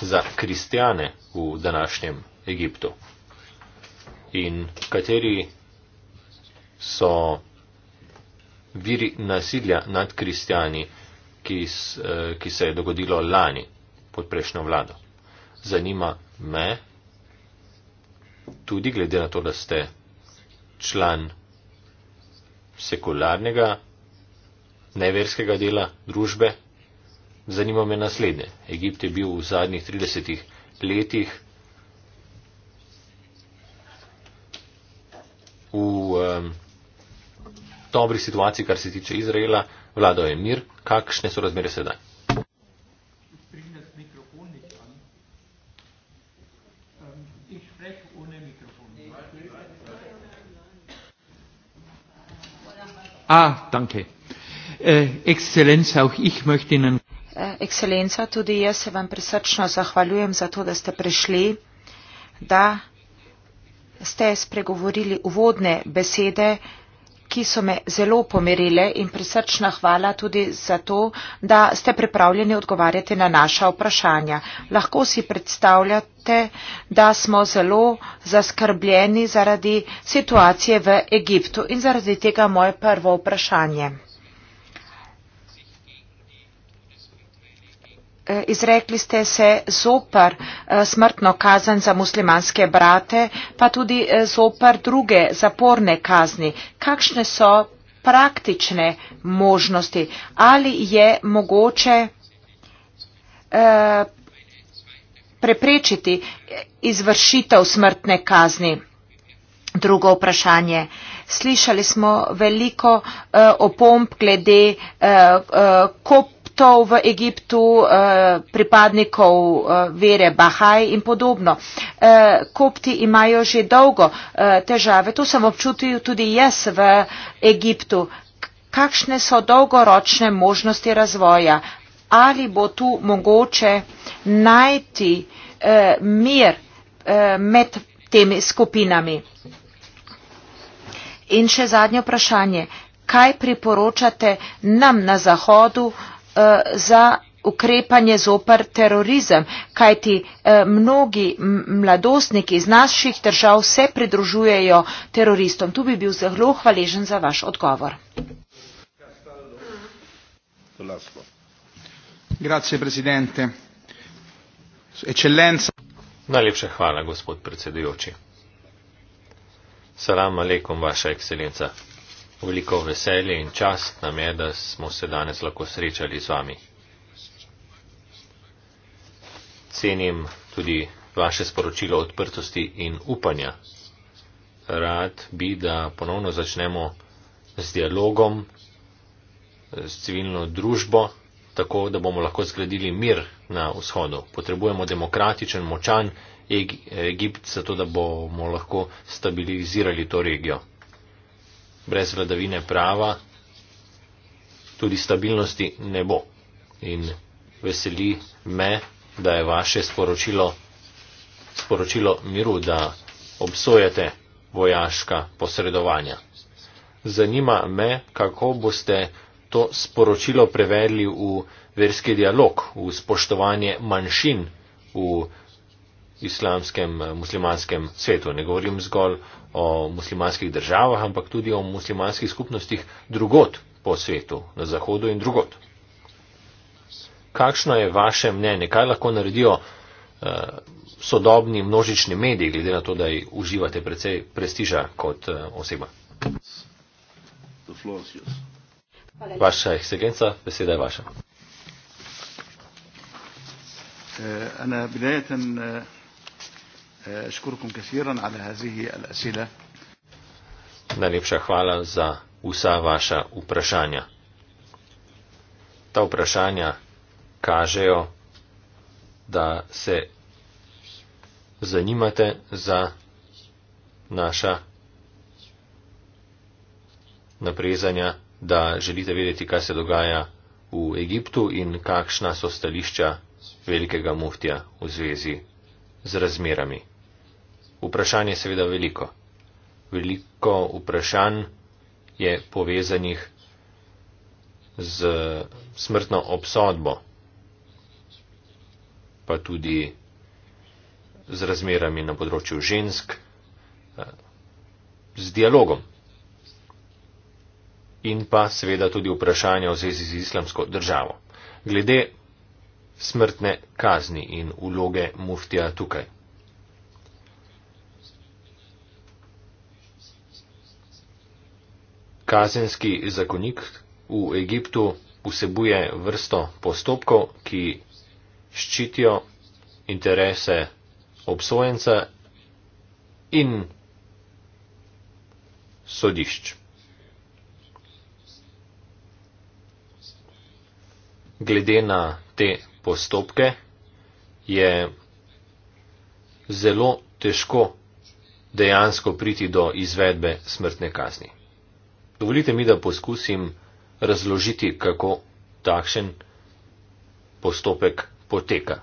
za kristijane v današnjem Egiptu? In kateri so viri nasilja nad kristijani, ki, eh, ki se je dogodilo lani pod prejšnjo vlado? Zanima me tudi glede na to, da ste član sekularnega neverskega dela družbe. Zanima me naslednje. Egipt je bil v zadnjih 30 letih v um, dobri situaciji, kar se tiče Izraela. Vlado je mir. Kakšne so razmere sedaj? Ah, danke. Eh, Exzellenz, auch ich möchte Ihnen. Ekscelenca, eh, tudi jaz se vam prisrčno zahvaljujem za to, da ste prišli, da ste spregovorili uvodne besede, ki so me zelo pomirile in prisrčna hvala tudi za to, da ste pripravljeni odgovarjati na naša vprašanja. Lahko si predstavljate, da smo zelo zaskrbljeni zaradi situacije v Egiptu in zaradi tega moje prvo vprašanje. Eh, izrekli ste se zoper eh, smrtno kazen za muslimanske brate, pa tudi eh, zoper druge zaporne kazni. Kakšne so praktične možnosti? Ali je mogoče preprečiti izvršitev smrtne kazni? Drugo vprašanje. Slišali smo veliko opomp glede kopičnosti kultov v Egiptu, eh, pripadnikov eh, vere Bahaj in podobno. Eh, kopti imajo že dolgo težave, to sem občutil tudi jaz v Egiptu. Kakšne so dolgoročne možnosti razvoja? Ali bo tu mogoče najti mir med temi skupinami? In še zadnje vprašanje. Kaj priporočate nam na Zahodu, Eh, za ukrepanje zopr terorizem, kajti eh, mnogi mladostniki iz naših držav se pridružujejo teroristom. Tu bi bil zelo hvaležen za vaš odgovor. Najlepša hvala, gospod predsedujoči. Salam alaikum, vaša ekscelenca. Veliko veselje in čast nam je, da smo se danes lahko srečali z vami. Cenim tudi vaše sporočilo odprtosti in upanja. Rad bi, da ponovno začnemo z dialogom, s civilno družbo, tako da bomo lahko zgradili mir na vzhodu. Potrebujemo demokratičen, močan Egipt, zato da bomo lahko stabilizirali to regijo brez vladavine prava tudi stabilnosti ne bo. In veseli me, da je vaše sporočilo, sporočilo miru, da obsojate vojaška posredovanja. Zanima me, kako boste to sporočilo prevedli v verski dialog, v spoštovanje manjšin v islamskem muslimanskem svetu. Ne govorim zgolj o muslimanskih državah, ampak tudi o muslimanskih skupnostih drugot po svetu, na zahodu in drugot. Kakšno je vaše mnenje, kaj lahko naredijo uh, sodobni množični mediji, glede na to, da uživate precej prestiža kot uh, oseba? Vaša ekscelenca, beseda je vaša. Uh, أشكركم كثيرا على هذه الأسئلة Najlepša hvala za vsa vaša vprašanja. Ta vprašanja kažejo, da se zanimate za naša naprezanja, da želite vedeti, kaj se dogaja v Egiptu in kakšna so stališča velikega muftija v zvezi z razmerami. Vprašanj je seveda veliko. Veliko vprašanj je povezanih z smrtno obsodbo, pa tudi z razmerami na področju žensk, eh, z dialogom. In pa seveda tudi vprašanja v zvezi z islamsko državo. Glede smrtne kazni in uloge muftija tukaj. Kazenski zakonik v Egiptu vsebuje vrsto postopkov, ki ščitijo interese obsojenca in sodišč. Glede na te postopke je zelo težko dejansko priti do izvedbe smrtne kazni. Dovolite mi, da poskusim razložiti, kako takšen postopek poteka.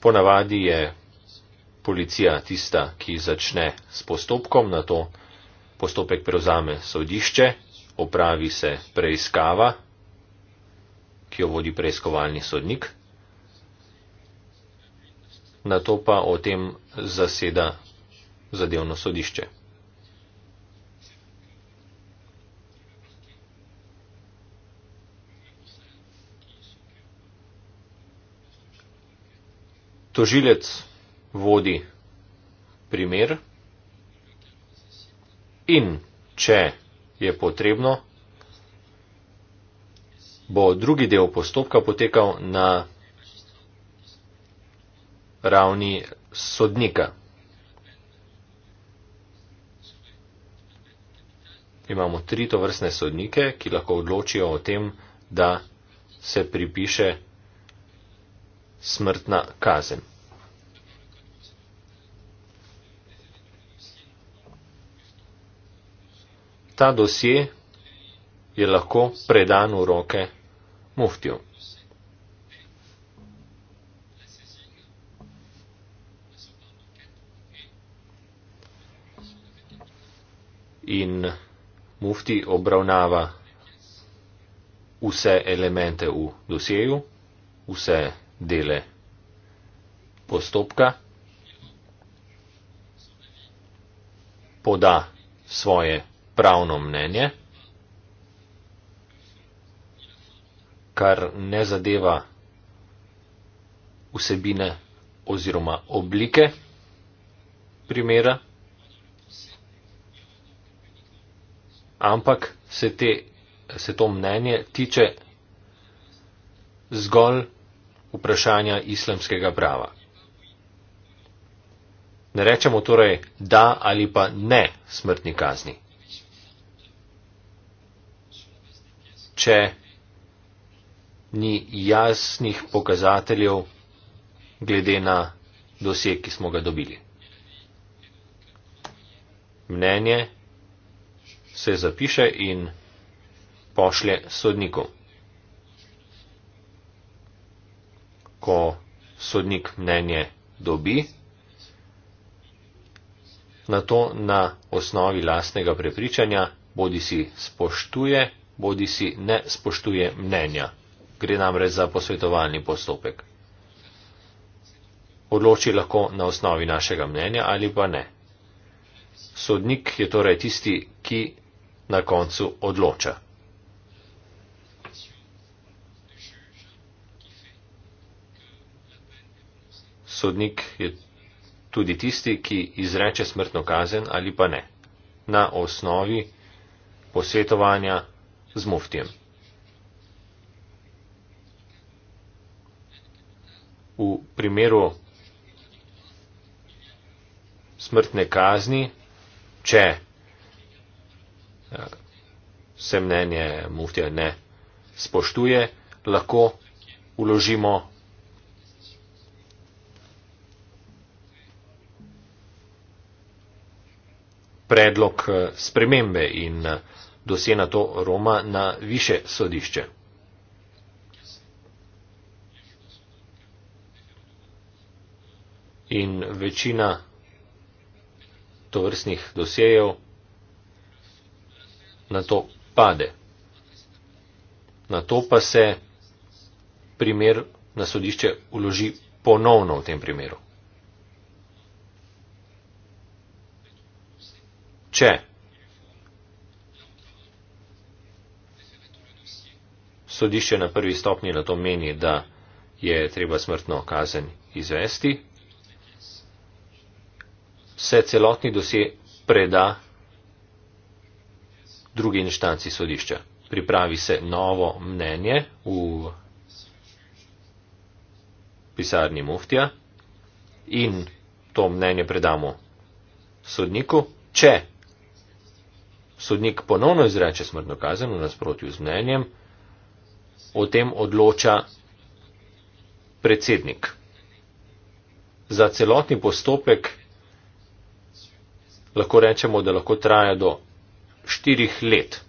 Ponavadi je policija tista, ki začne s postopkom, na to postopek prevzame sodišče, opravi se preiskava, ki jo vodi preiskovalni sodnik, na to pa o tem zaseda zadevno sodišče. Tožilec vodi primer in če je potrebno, bo drugi del postopka potekal na ravni sodnika. Imamo tri tovrstne sodnike, ki lahko odločijo o tem, da se pripiše smrtna kazen. Ta dosje je lahko predan v roke muftijo. in mufti obravnava vse elemente v dosjeju, vse dele postopka, poda svoje pravno mnenje, kar ne zadeva vsebine oziroma oblike primera, ampak se, te, se to mnenje tiče zgolj vprašanja islamskega prava. Ne rečemo torej da ali pa ne smrtni kazni. Če ni jasnih pokazateljev glede na doseg, ki smo ga dobili. Mnenje se zapiše in pošlje sodniku. Ko sodnik mnenje dobi, na to na osnovi lastnega prepričanja bodi si spoštuje, bodi si ne spoštuje mnenja. Gre namreč za posvetovalni postopek. Odloči lahko na osnovi našega mnenja ali pa ne. Sodnik je torej tisti, ki na koncu odloča. Sodnik je tudi tisti, ki izreče smrtno kazen ali pa ne, na osnovi posvetovanja z muftijem. V primeru smrtne kazni, če se mnenje muftija ne spoštuje, lahko uložimo predlog eh, spremembe in eh, dosje na to Roma na više sodišče. In večina tovrstnih dosjejev na to pade. Na to pa se primer na sodišče uloži ponovno v tem primeru. Če sodišče na prvi stopnji na to meni, da je treba smrtno kazen izvesti, se celotni dosje preda drugi inštanci sodišča. Pripravi se novo mnenje v pisarni muftija in to mnenje predamo sodniku. Če sodnik ponovno izreče smrtno kazen v nasprotju z mnenjem, o tem odloča predsednik. Za celotni postopek lahko rečemo, da lahko traja do štirih let.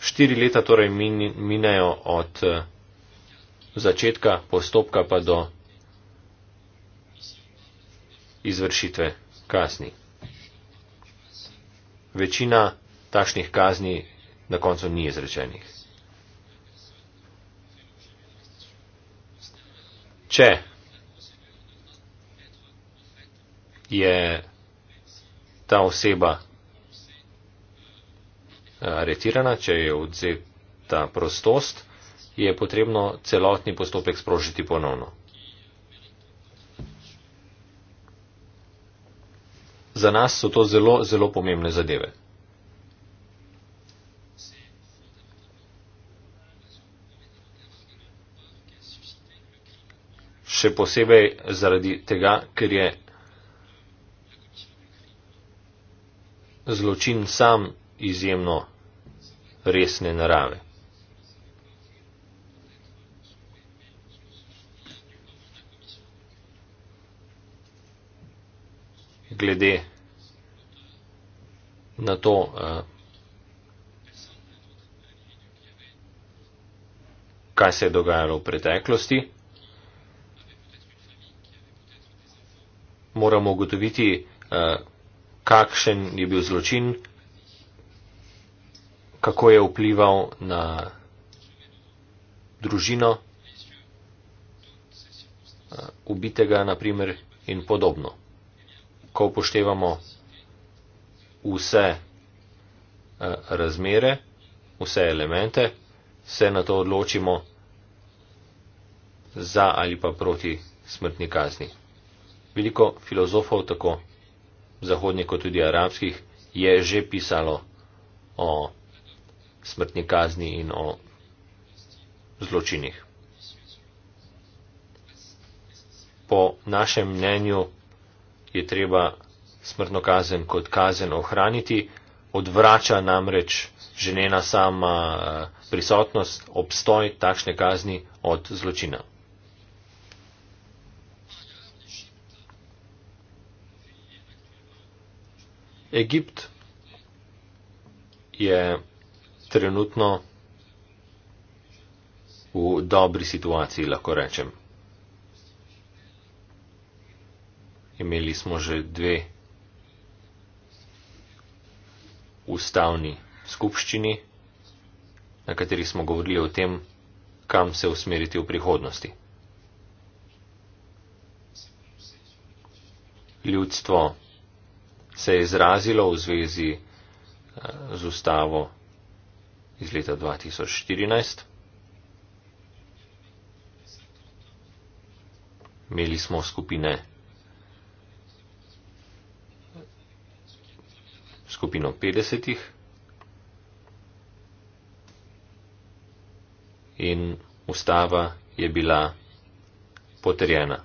Štiri leta torej min, minejo od eh, začetka postopka pa do izvršitve kazni. Večina takšnih kazni na koncu ni izrečenih. Če je ta oseba eh, aretirana, če je odzeta prostost, je potrebno celotni postopek sprožiti ponovno. Za nas so to zelo, zelo pomembne zadeve. Še posebej zaradi tega, ker je zločin sam izjemno resne narave. Glede na to, eh, kaj se je dogajalo v preteklosti, moramo ugotoviti, eh, kakšen je bil zločin, kako je vplival na družino eh, ubitega, naprimer, in podobno. Ko upoštevamo vse eh, razmere, vse elemente, se na to odločimo za ali pa proti smrtni kazni. Veliko filozofov tako zahodnih kot tudi arabskih, je že pisalo o smrtni kazni in o zločinih. Po našem mnenju je treba smrtno kazen kot kazen ohraniti, odvrača namreč ženena sama eh, prisotnost, obstoj takšne kazni od zločina. Egipt je trenutno v dobri situaciji, lahko rečem. Imeli smo že dve ustavni skupščini, na kateri smo govorili o tem, kam se usmeriti v prihodnosti. Ljudstvo se je izrazilo v zvezi eh, z ustavo iz leta 2014. Imeli smo skupine, skupino 50 in ustava je bila potrjena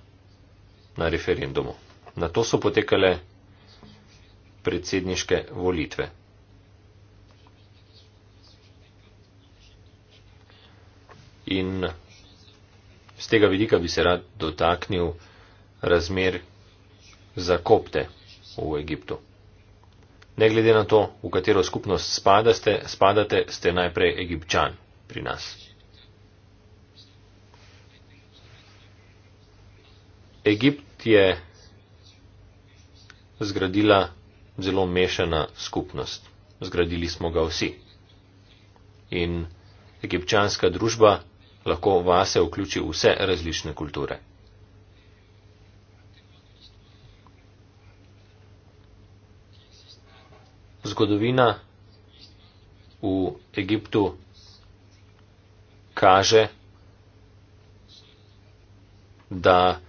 na referendumu. Na to so potekale predsedniške volitve. In z tega vidika bi se rad dotaknil razmer za kopte v Egiptu. Ne glede na to, v katero skupnost spadate, spadate ste najprej egipčan pri nas. Egipt je zgradila zelo mešana skupnost. Zgradili smo ga vsi. In egipčanska družba lahko vase vključi vse različne kulture. Zgodovina v Egiptu kaže, da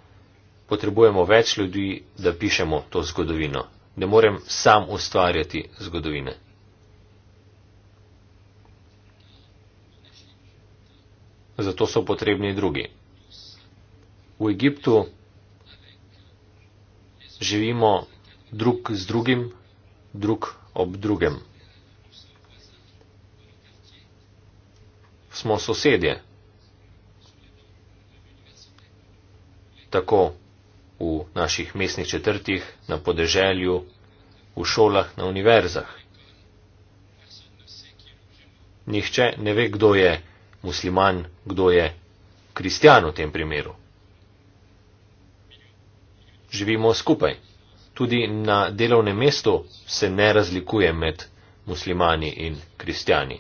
potrebujemo več ljudi, da pišemo to zgodovino, ne morem sam ustvarjati zgodovine. Zato so potrebni drugi. V Egiptu živimo drug z drugim, drug ob drugem. Smo sosedje. Tako v naših mestnih četrtih, na podeželju, v šolah, na univerzah. Nihče ne ve, kdo je musliman, kdo je kristjan v tem primeru. Živimo skupaj. Tudi na delovnem mestu se ne razlikuje med muslimani in kristjani.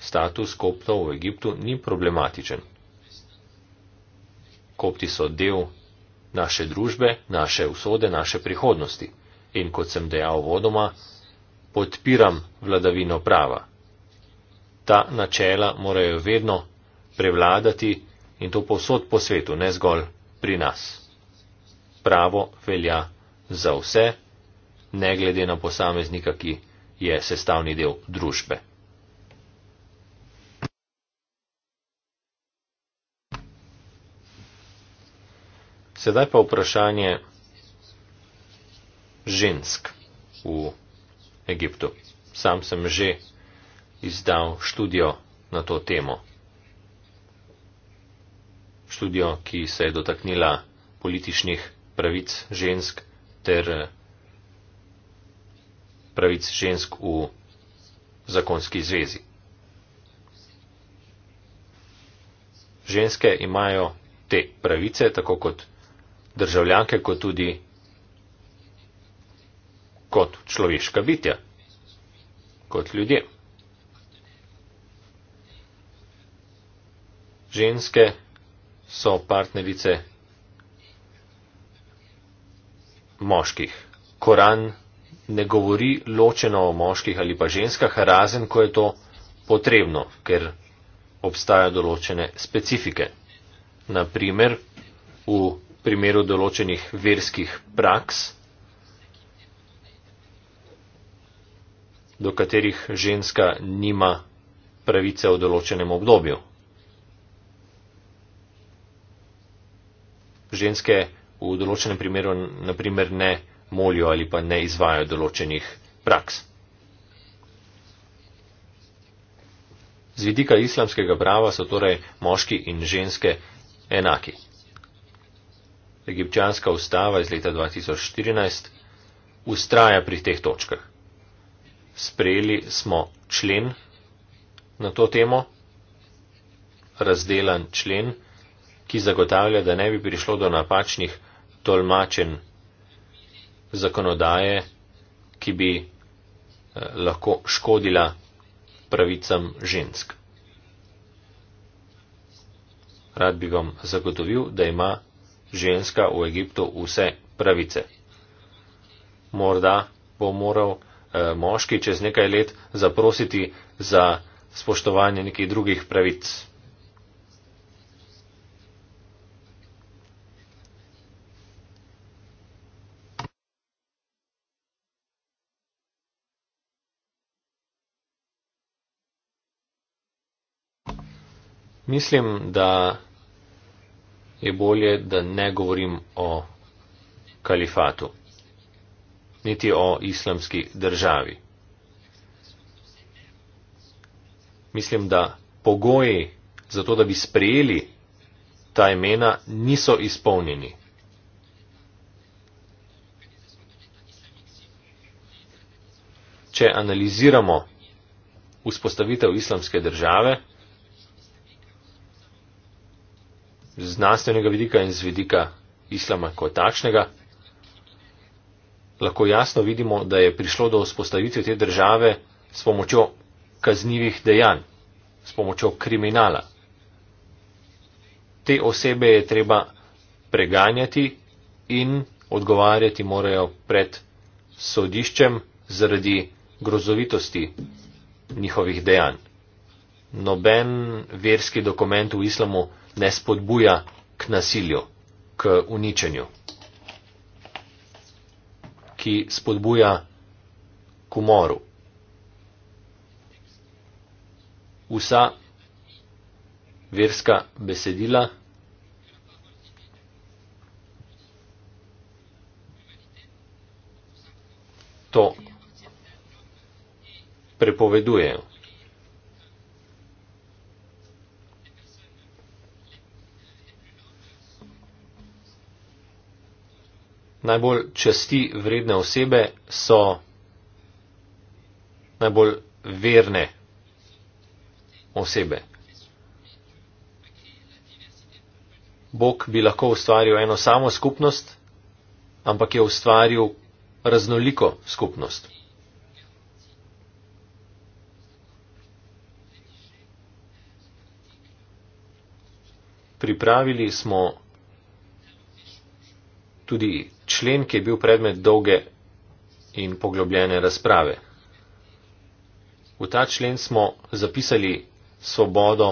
Status koptov v Egiptu ni problematičen kopti so del naše družbe, naše usode, naše prihodnosti. In kot sem dejal vodoma, podpiram vladavino prava. Ta načela morajo vedno prevladati in to povsod po svetu, ne zgolj pri nas. Pravo velja za vse, ne glede na posameznika, ki je sestavni del družbe. Sedaj pa vprašanje žensk v Egiptu. Sam sem že izdal študijo na to temo. Študijo, ki se je dotaknila političnih pravic žensk ter eh, pravic žensk v zakonski zvezi. Ženske imajo te pravice, tako kot državljanke kot tudi kot človeška bitja, kot ljudje. Ženske so partnerice moških. Koran ne govori ločeno o moških ali pa ženskah, razen ko je to potrebno, ker obstajajo določene specifike. Naprimer, v primeru določenih verskih praks, do katerih ženska nima pravice v določenem obdobju. Ženske v določenem primeru naprimer ne molijo ali pa ne izvajo določenih praks. Z vidika islamskega prava so torej moški in ženske enaki egipčanska ustava iz leta 2014, ustraja pri teh točkah. Sprejeli smo člen na to temo, razdelan člen, ki zagotavlja, da ne bi prišlo do napačnih tolmačen zakonodaje, ki bi eh, lahko škodila pravicam žensk. Rad bi vam zagotovil, da ima ženska v Egiptu vse pravice. Morda bo moral eh, moški čez nekaj let zaprositi za spoštovanje nekih drugih pravic. Mislim, da je bolje, da ne govorim o kalifatu, niti o islamski državi. Mislim, da pogoji za to, da bi sprejeli ta imena, niso izpolnjeni. Če analiziramo vzpostavitev islamske države, znanstvenega vidika in z vidika islama kot takšnega, lahko jasno vidimo, da je prišlo do vzpostavitve te države s pomočjo kaznjivih dejanj, s pomočjo kriminala. Te osebe je treba preganjati in odgovarjati morajo pred sodiščem zaradi grozovitosti njihovih dejanj. Noben verski dokument v islamu ne spodbuja k nasilju, k uničenju, ki spodbuja k umoru. Vsa verska besedila to prepovedujejo. najbolj časti vredne osebe so najbolj verne osebe. Bog bi lahko ustvaril eno samo skupnost, ampak je ustvaril raznoliko skupnost. Pripravili smo tudi člen, ki je bil predmet dolge in poglobljene razprave. V ta člen smo zapisali svobodo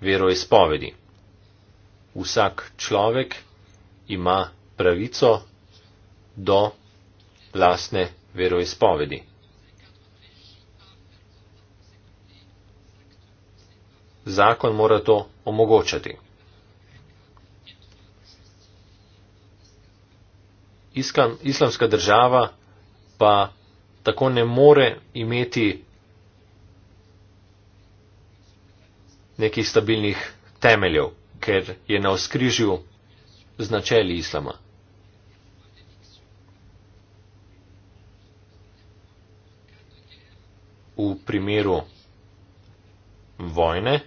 veroizpovedi. Vsak človek ima pravico do lasne veroizpovedi. Zakon mora to omogočati. iskam, islamska država pa tako ne more imeti nekih stabilnih temeljev, ker je na oskrižju značeli islama. V primeru vojne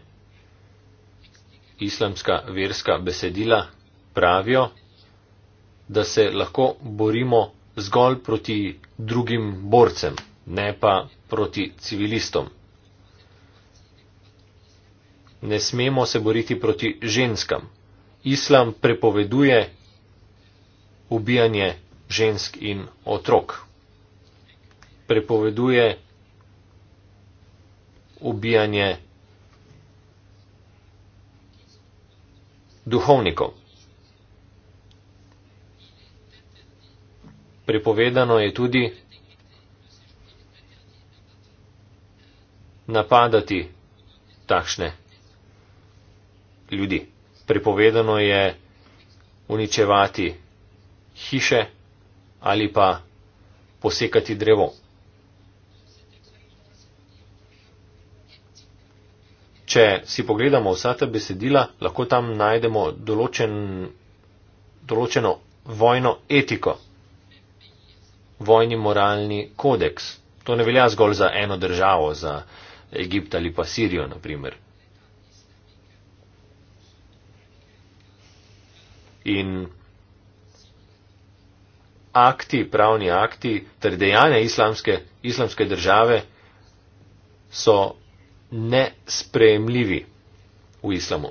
islamska verska besedila pravijo, da se lahko borimo zgolj proti drugim borcem, ne pa proti civilistom. Ne smemo se boriti proti ženskam. Islam prepoveduje ubijanje žensk in otrok. Prepoveduje ubijanje duhovnikov. prepovedano je tudi napadati takšne ljudi. Prepovedano je uničevati hiše ali pa posekati drevo. Če si pogledamo vsa ta besedila, lahko tam najdemo določen, določeno vojno etiko vojni moralni kodeks. To ne velja zgolj za eno državo, za Egipt ali pa Sirijo, naprimer. In akti, pravni akti ter dejanja islamske, islamske države so nesprejemljivi v islamu.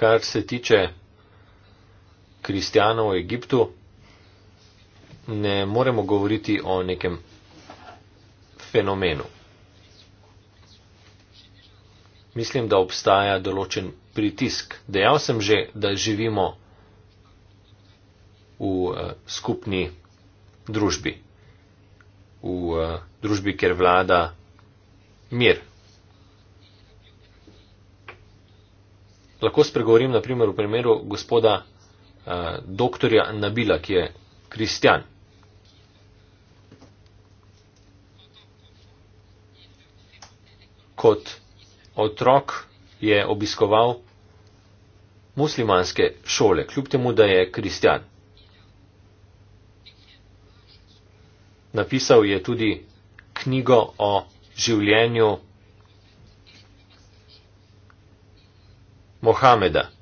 kar se tiče kristijanov v Egiptu, ne moremo govoriti o nekem fenomenu. Mislim, da obstaja določen pritisk. Dejal sem že, da živimo v uh, skupni družbi, v uh, družbi, kjer vlada mir. lahko spregovorim na primer v primeru gospoda eh, doktorja Nabila, ki je kristjan. Kot otrok je obiskoval muslimanske šole, kljub temu, da je kristjan. Napisal je tudi knjigo o življenju Mohameda.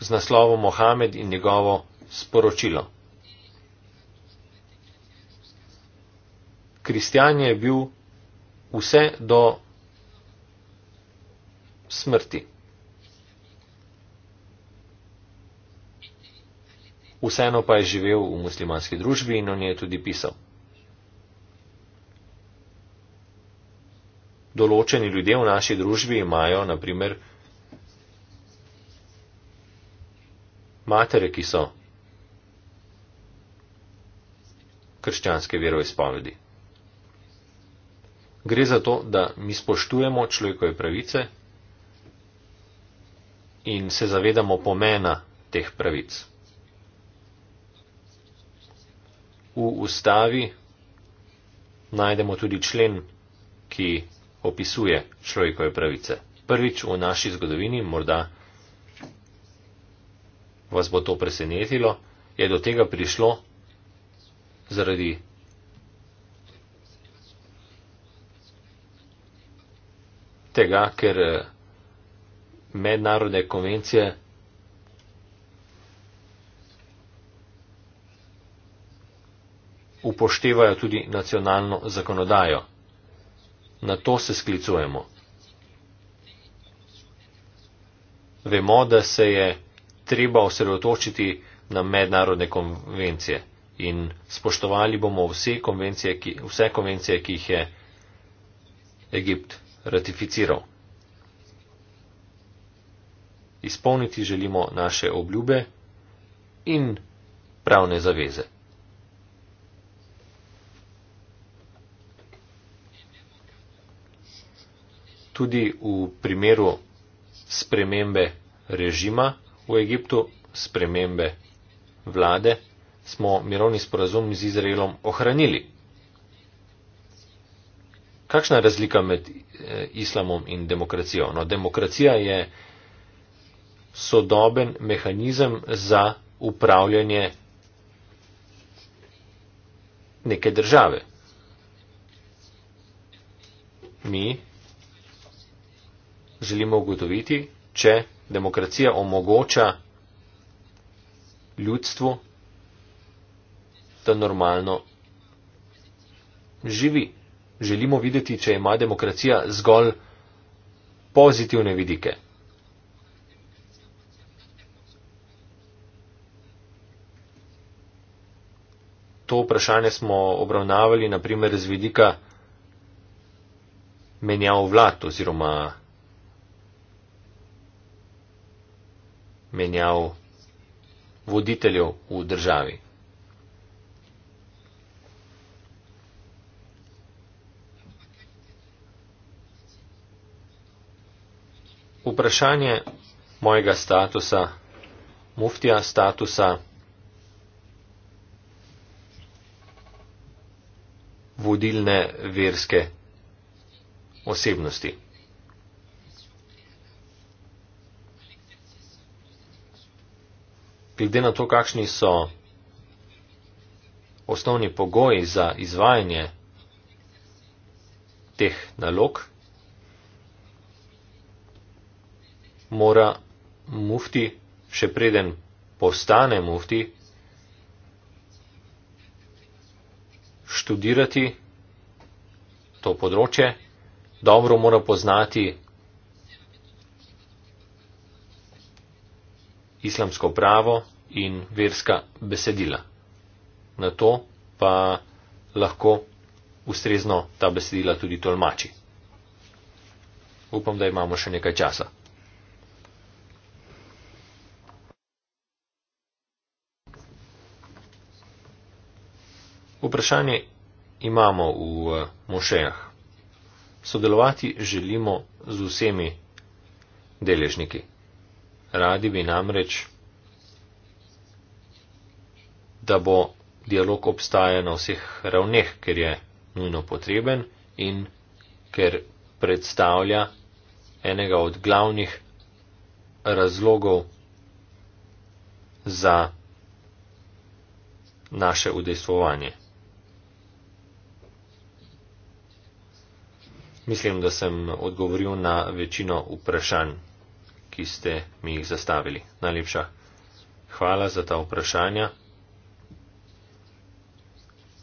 Z naslovom Mohamed in njegovo sporočilo. Kristjan je bil vse do smrti. Vseeno pa je živel v muslimanski družbi in o njej tudi pisal. določeni ljudje v naši družbi imajo, naprimer, matere, ki so krščanske veroizpovedi. Gre za to, da mi spoštujemo človekove pravice in se zavedamo pomena teh pravic. V ustavi najdemo tudi člen, ki opisuje človekove pravice. Prvič v naši zgodovini, morda vas bo to presenetilo, je do tega prišlo zaradi tega, ker eh, mednarodne konvencije upoštevajo tudi nacionalno zakonodajo. Na to se sklicujemo. Vemo, da se je treba osredotočiti na mednarodne konvencije in spoštovali bomo vse konvencije, ki, vse konvencije, ki jih je Egipt ratificiral. Izpolniti želimo naše obljube in pravne zaveze. tudi v primeru spremembe režima v Egiptu, spremembe vlade, smo mirovni sporazum z Izraelom ohranili. Kakšna je razlika med eh, islamom in demokracijo? No, demokracija je sodoben mehanizem za upravljanje neke države. Mi, želimo ugotoviti, če demokracija omogoča ljudstvu, da normalno živi. Želimo videti, če ima demokracija zgolj pozitivne vidike. To vprašanje smo obravnavali naprimer z vidika menjav vlad oziroma menjav voditeljev v državi. Vprašanje mojega statusa, muftija statusa, vodilne verske osebnosti. glede na to, kakšni so osnovni pogoji za izvajanje teh nalog, mora mufti, še preden postane mufti, študirati to področje, dobro mora poznati islamsko pravo in verska besedila. Na to pa lahko ustrezno ta besedila tudi tolmači. Upam, da imamo še nekaj časa. Vprašanje imamo v eh, mošejah. Sodelovati želimo z vsemi deležniki. Radi bi namreč, da bo dialog obstajal na vseh ravneh, ker je nujno potreben in ker predstavlja enega od glavnih razlogov za naše udejstvovanje. Mislim, da sem odgovoril na večino vprašanj ki ste mi jih zastavili. Najlepša hvala za ta vprašanja.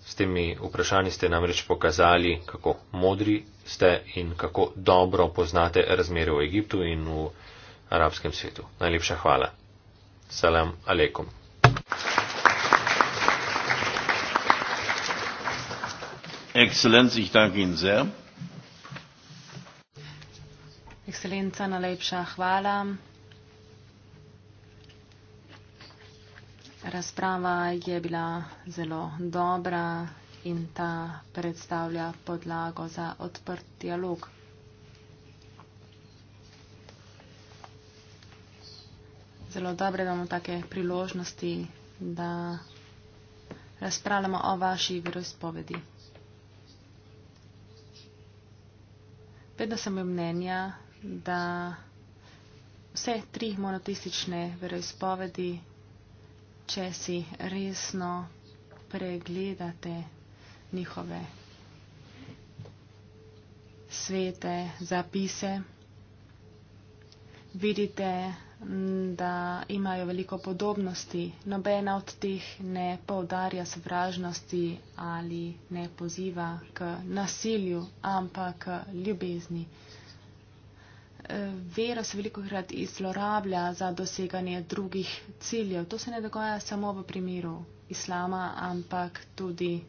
S temi vprašanji ste namreč pokazali, kako modri ste in kako dobro poznate razmere v Egiptu in v arabskem svetu. Najlepša hvala. Salam alaikum. Excellenz, ich danke Ihnen sehr ekscelenca, najlepša hvala. Razprava je bila zelo dobra in ta predstavlja podlago za odprt dialog. Zelo dobre imamo take priložnosti, da razpravljamo o vaši veroizpovedi. Vedno sem imel mnenja, da vse tri monotistične veroizpovedi, če si resno pregledate njihove svete zapise, vidite, da imajo veliko podobnosti. Nobena od teh ne povdarja sovražnosti ali ne poziva k nasilju, ampak k ljubezni vera se veliko krat izlorablja za doseganje drugih ciljev. To se ne dogaja samo v primeru islama, ampak tudi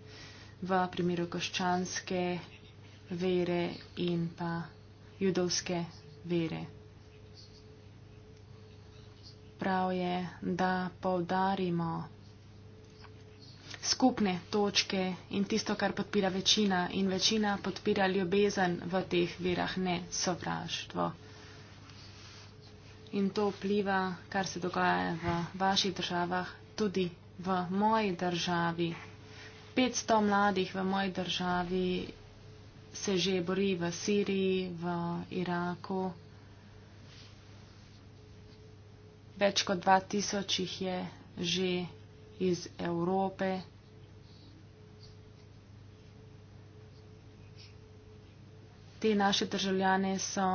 v primeru koščanske vere in pa judovske vere. Prav je, da povdarimo skupne točke in tisto, kar podpira večina. In večina podpira ljubezen v teh verah, ne sovraštvo in to vpliva, kar se dogaja v vaših državah, tudi v moji državi. 500 mladih v moji državi se že bori v Siriji, v Iraku. Več kot 2000 jih je že iz Evrope. Te naše državljane so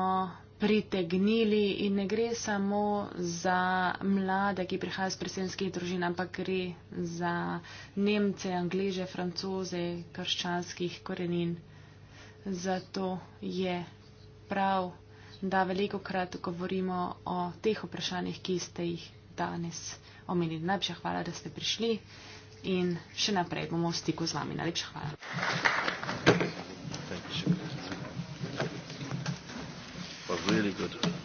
pritegnili in ne gre samo za mlade, ki prihajajo iz preseljenskih družin, ampak gre za Nemce, Angleže, Francoze, krščanskih korenin. Zato je prav, da veliko krat govorimo o teh vprašanjih, ki ste jih danes omenili. Najlepša hvala, da ste prišli in še naprej bomo v stiku z vami. Najlepša hvala. really good.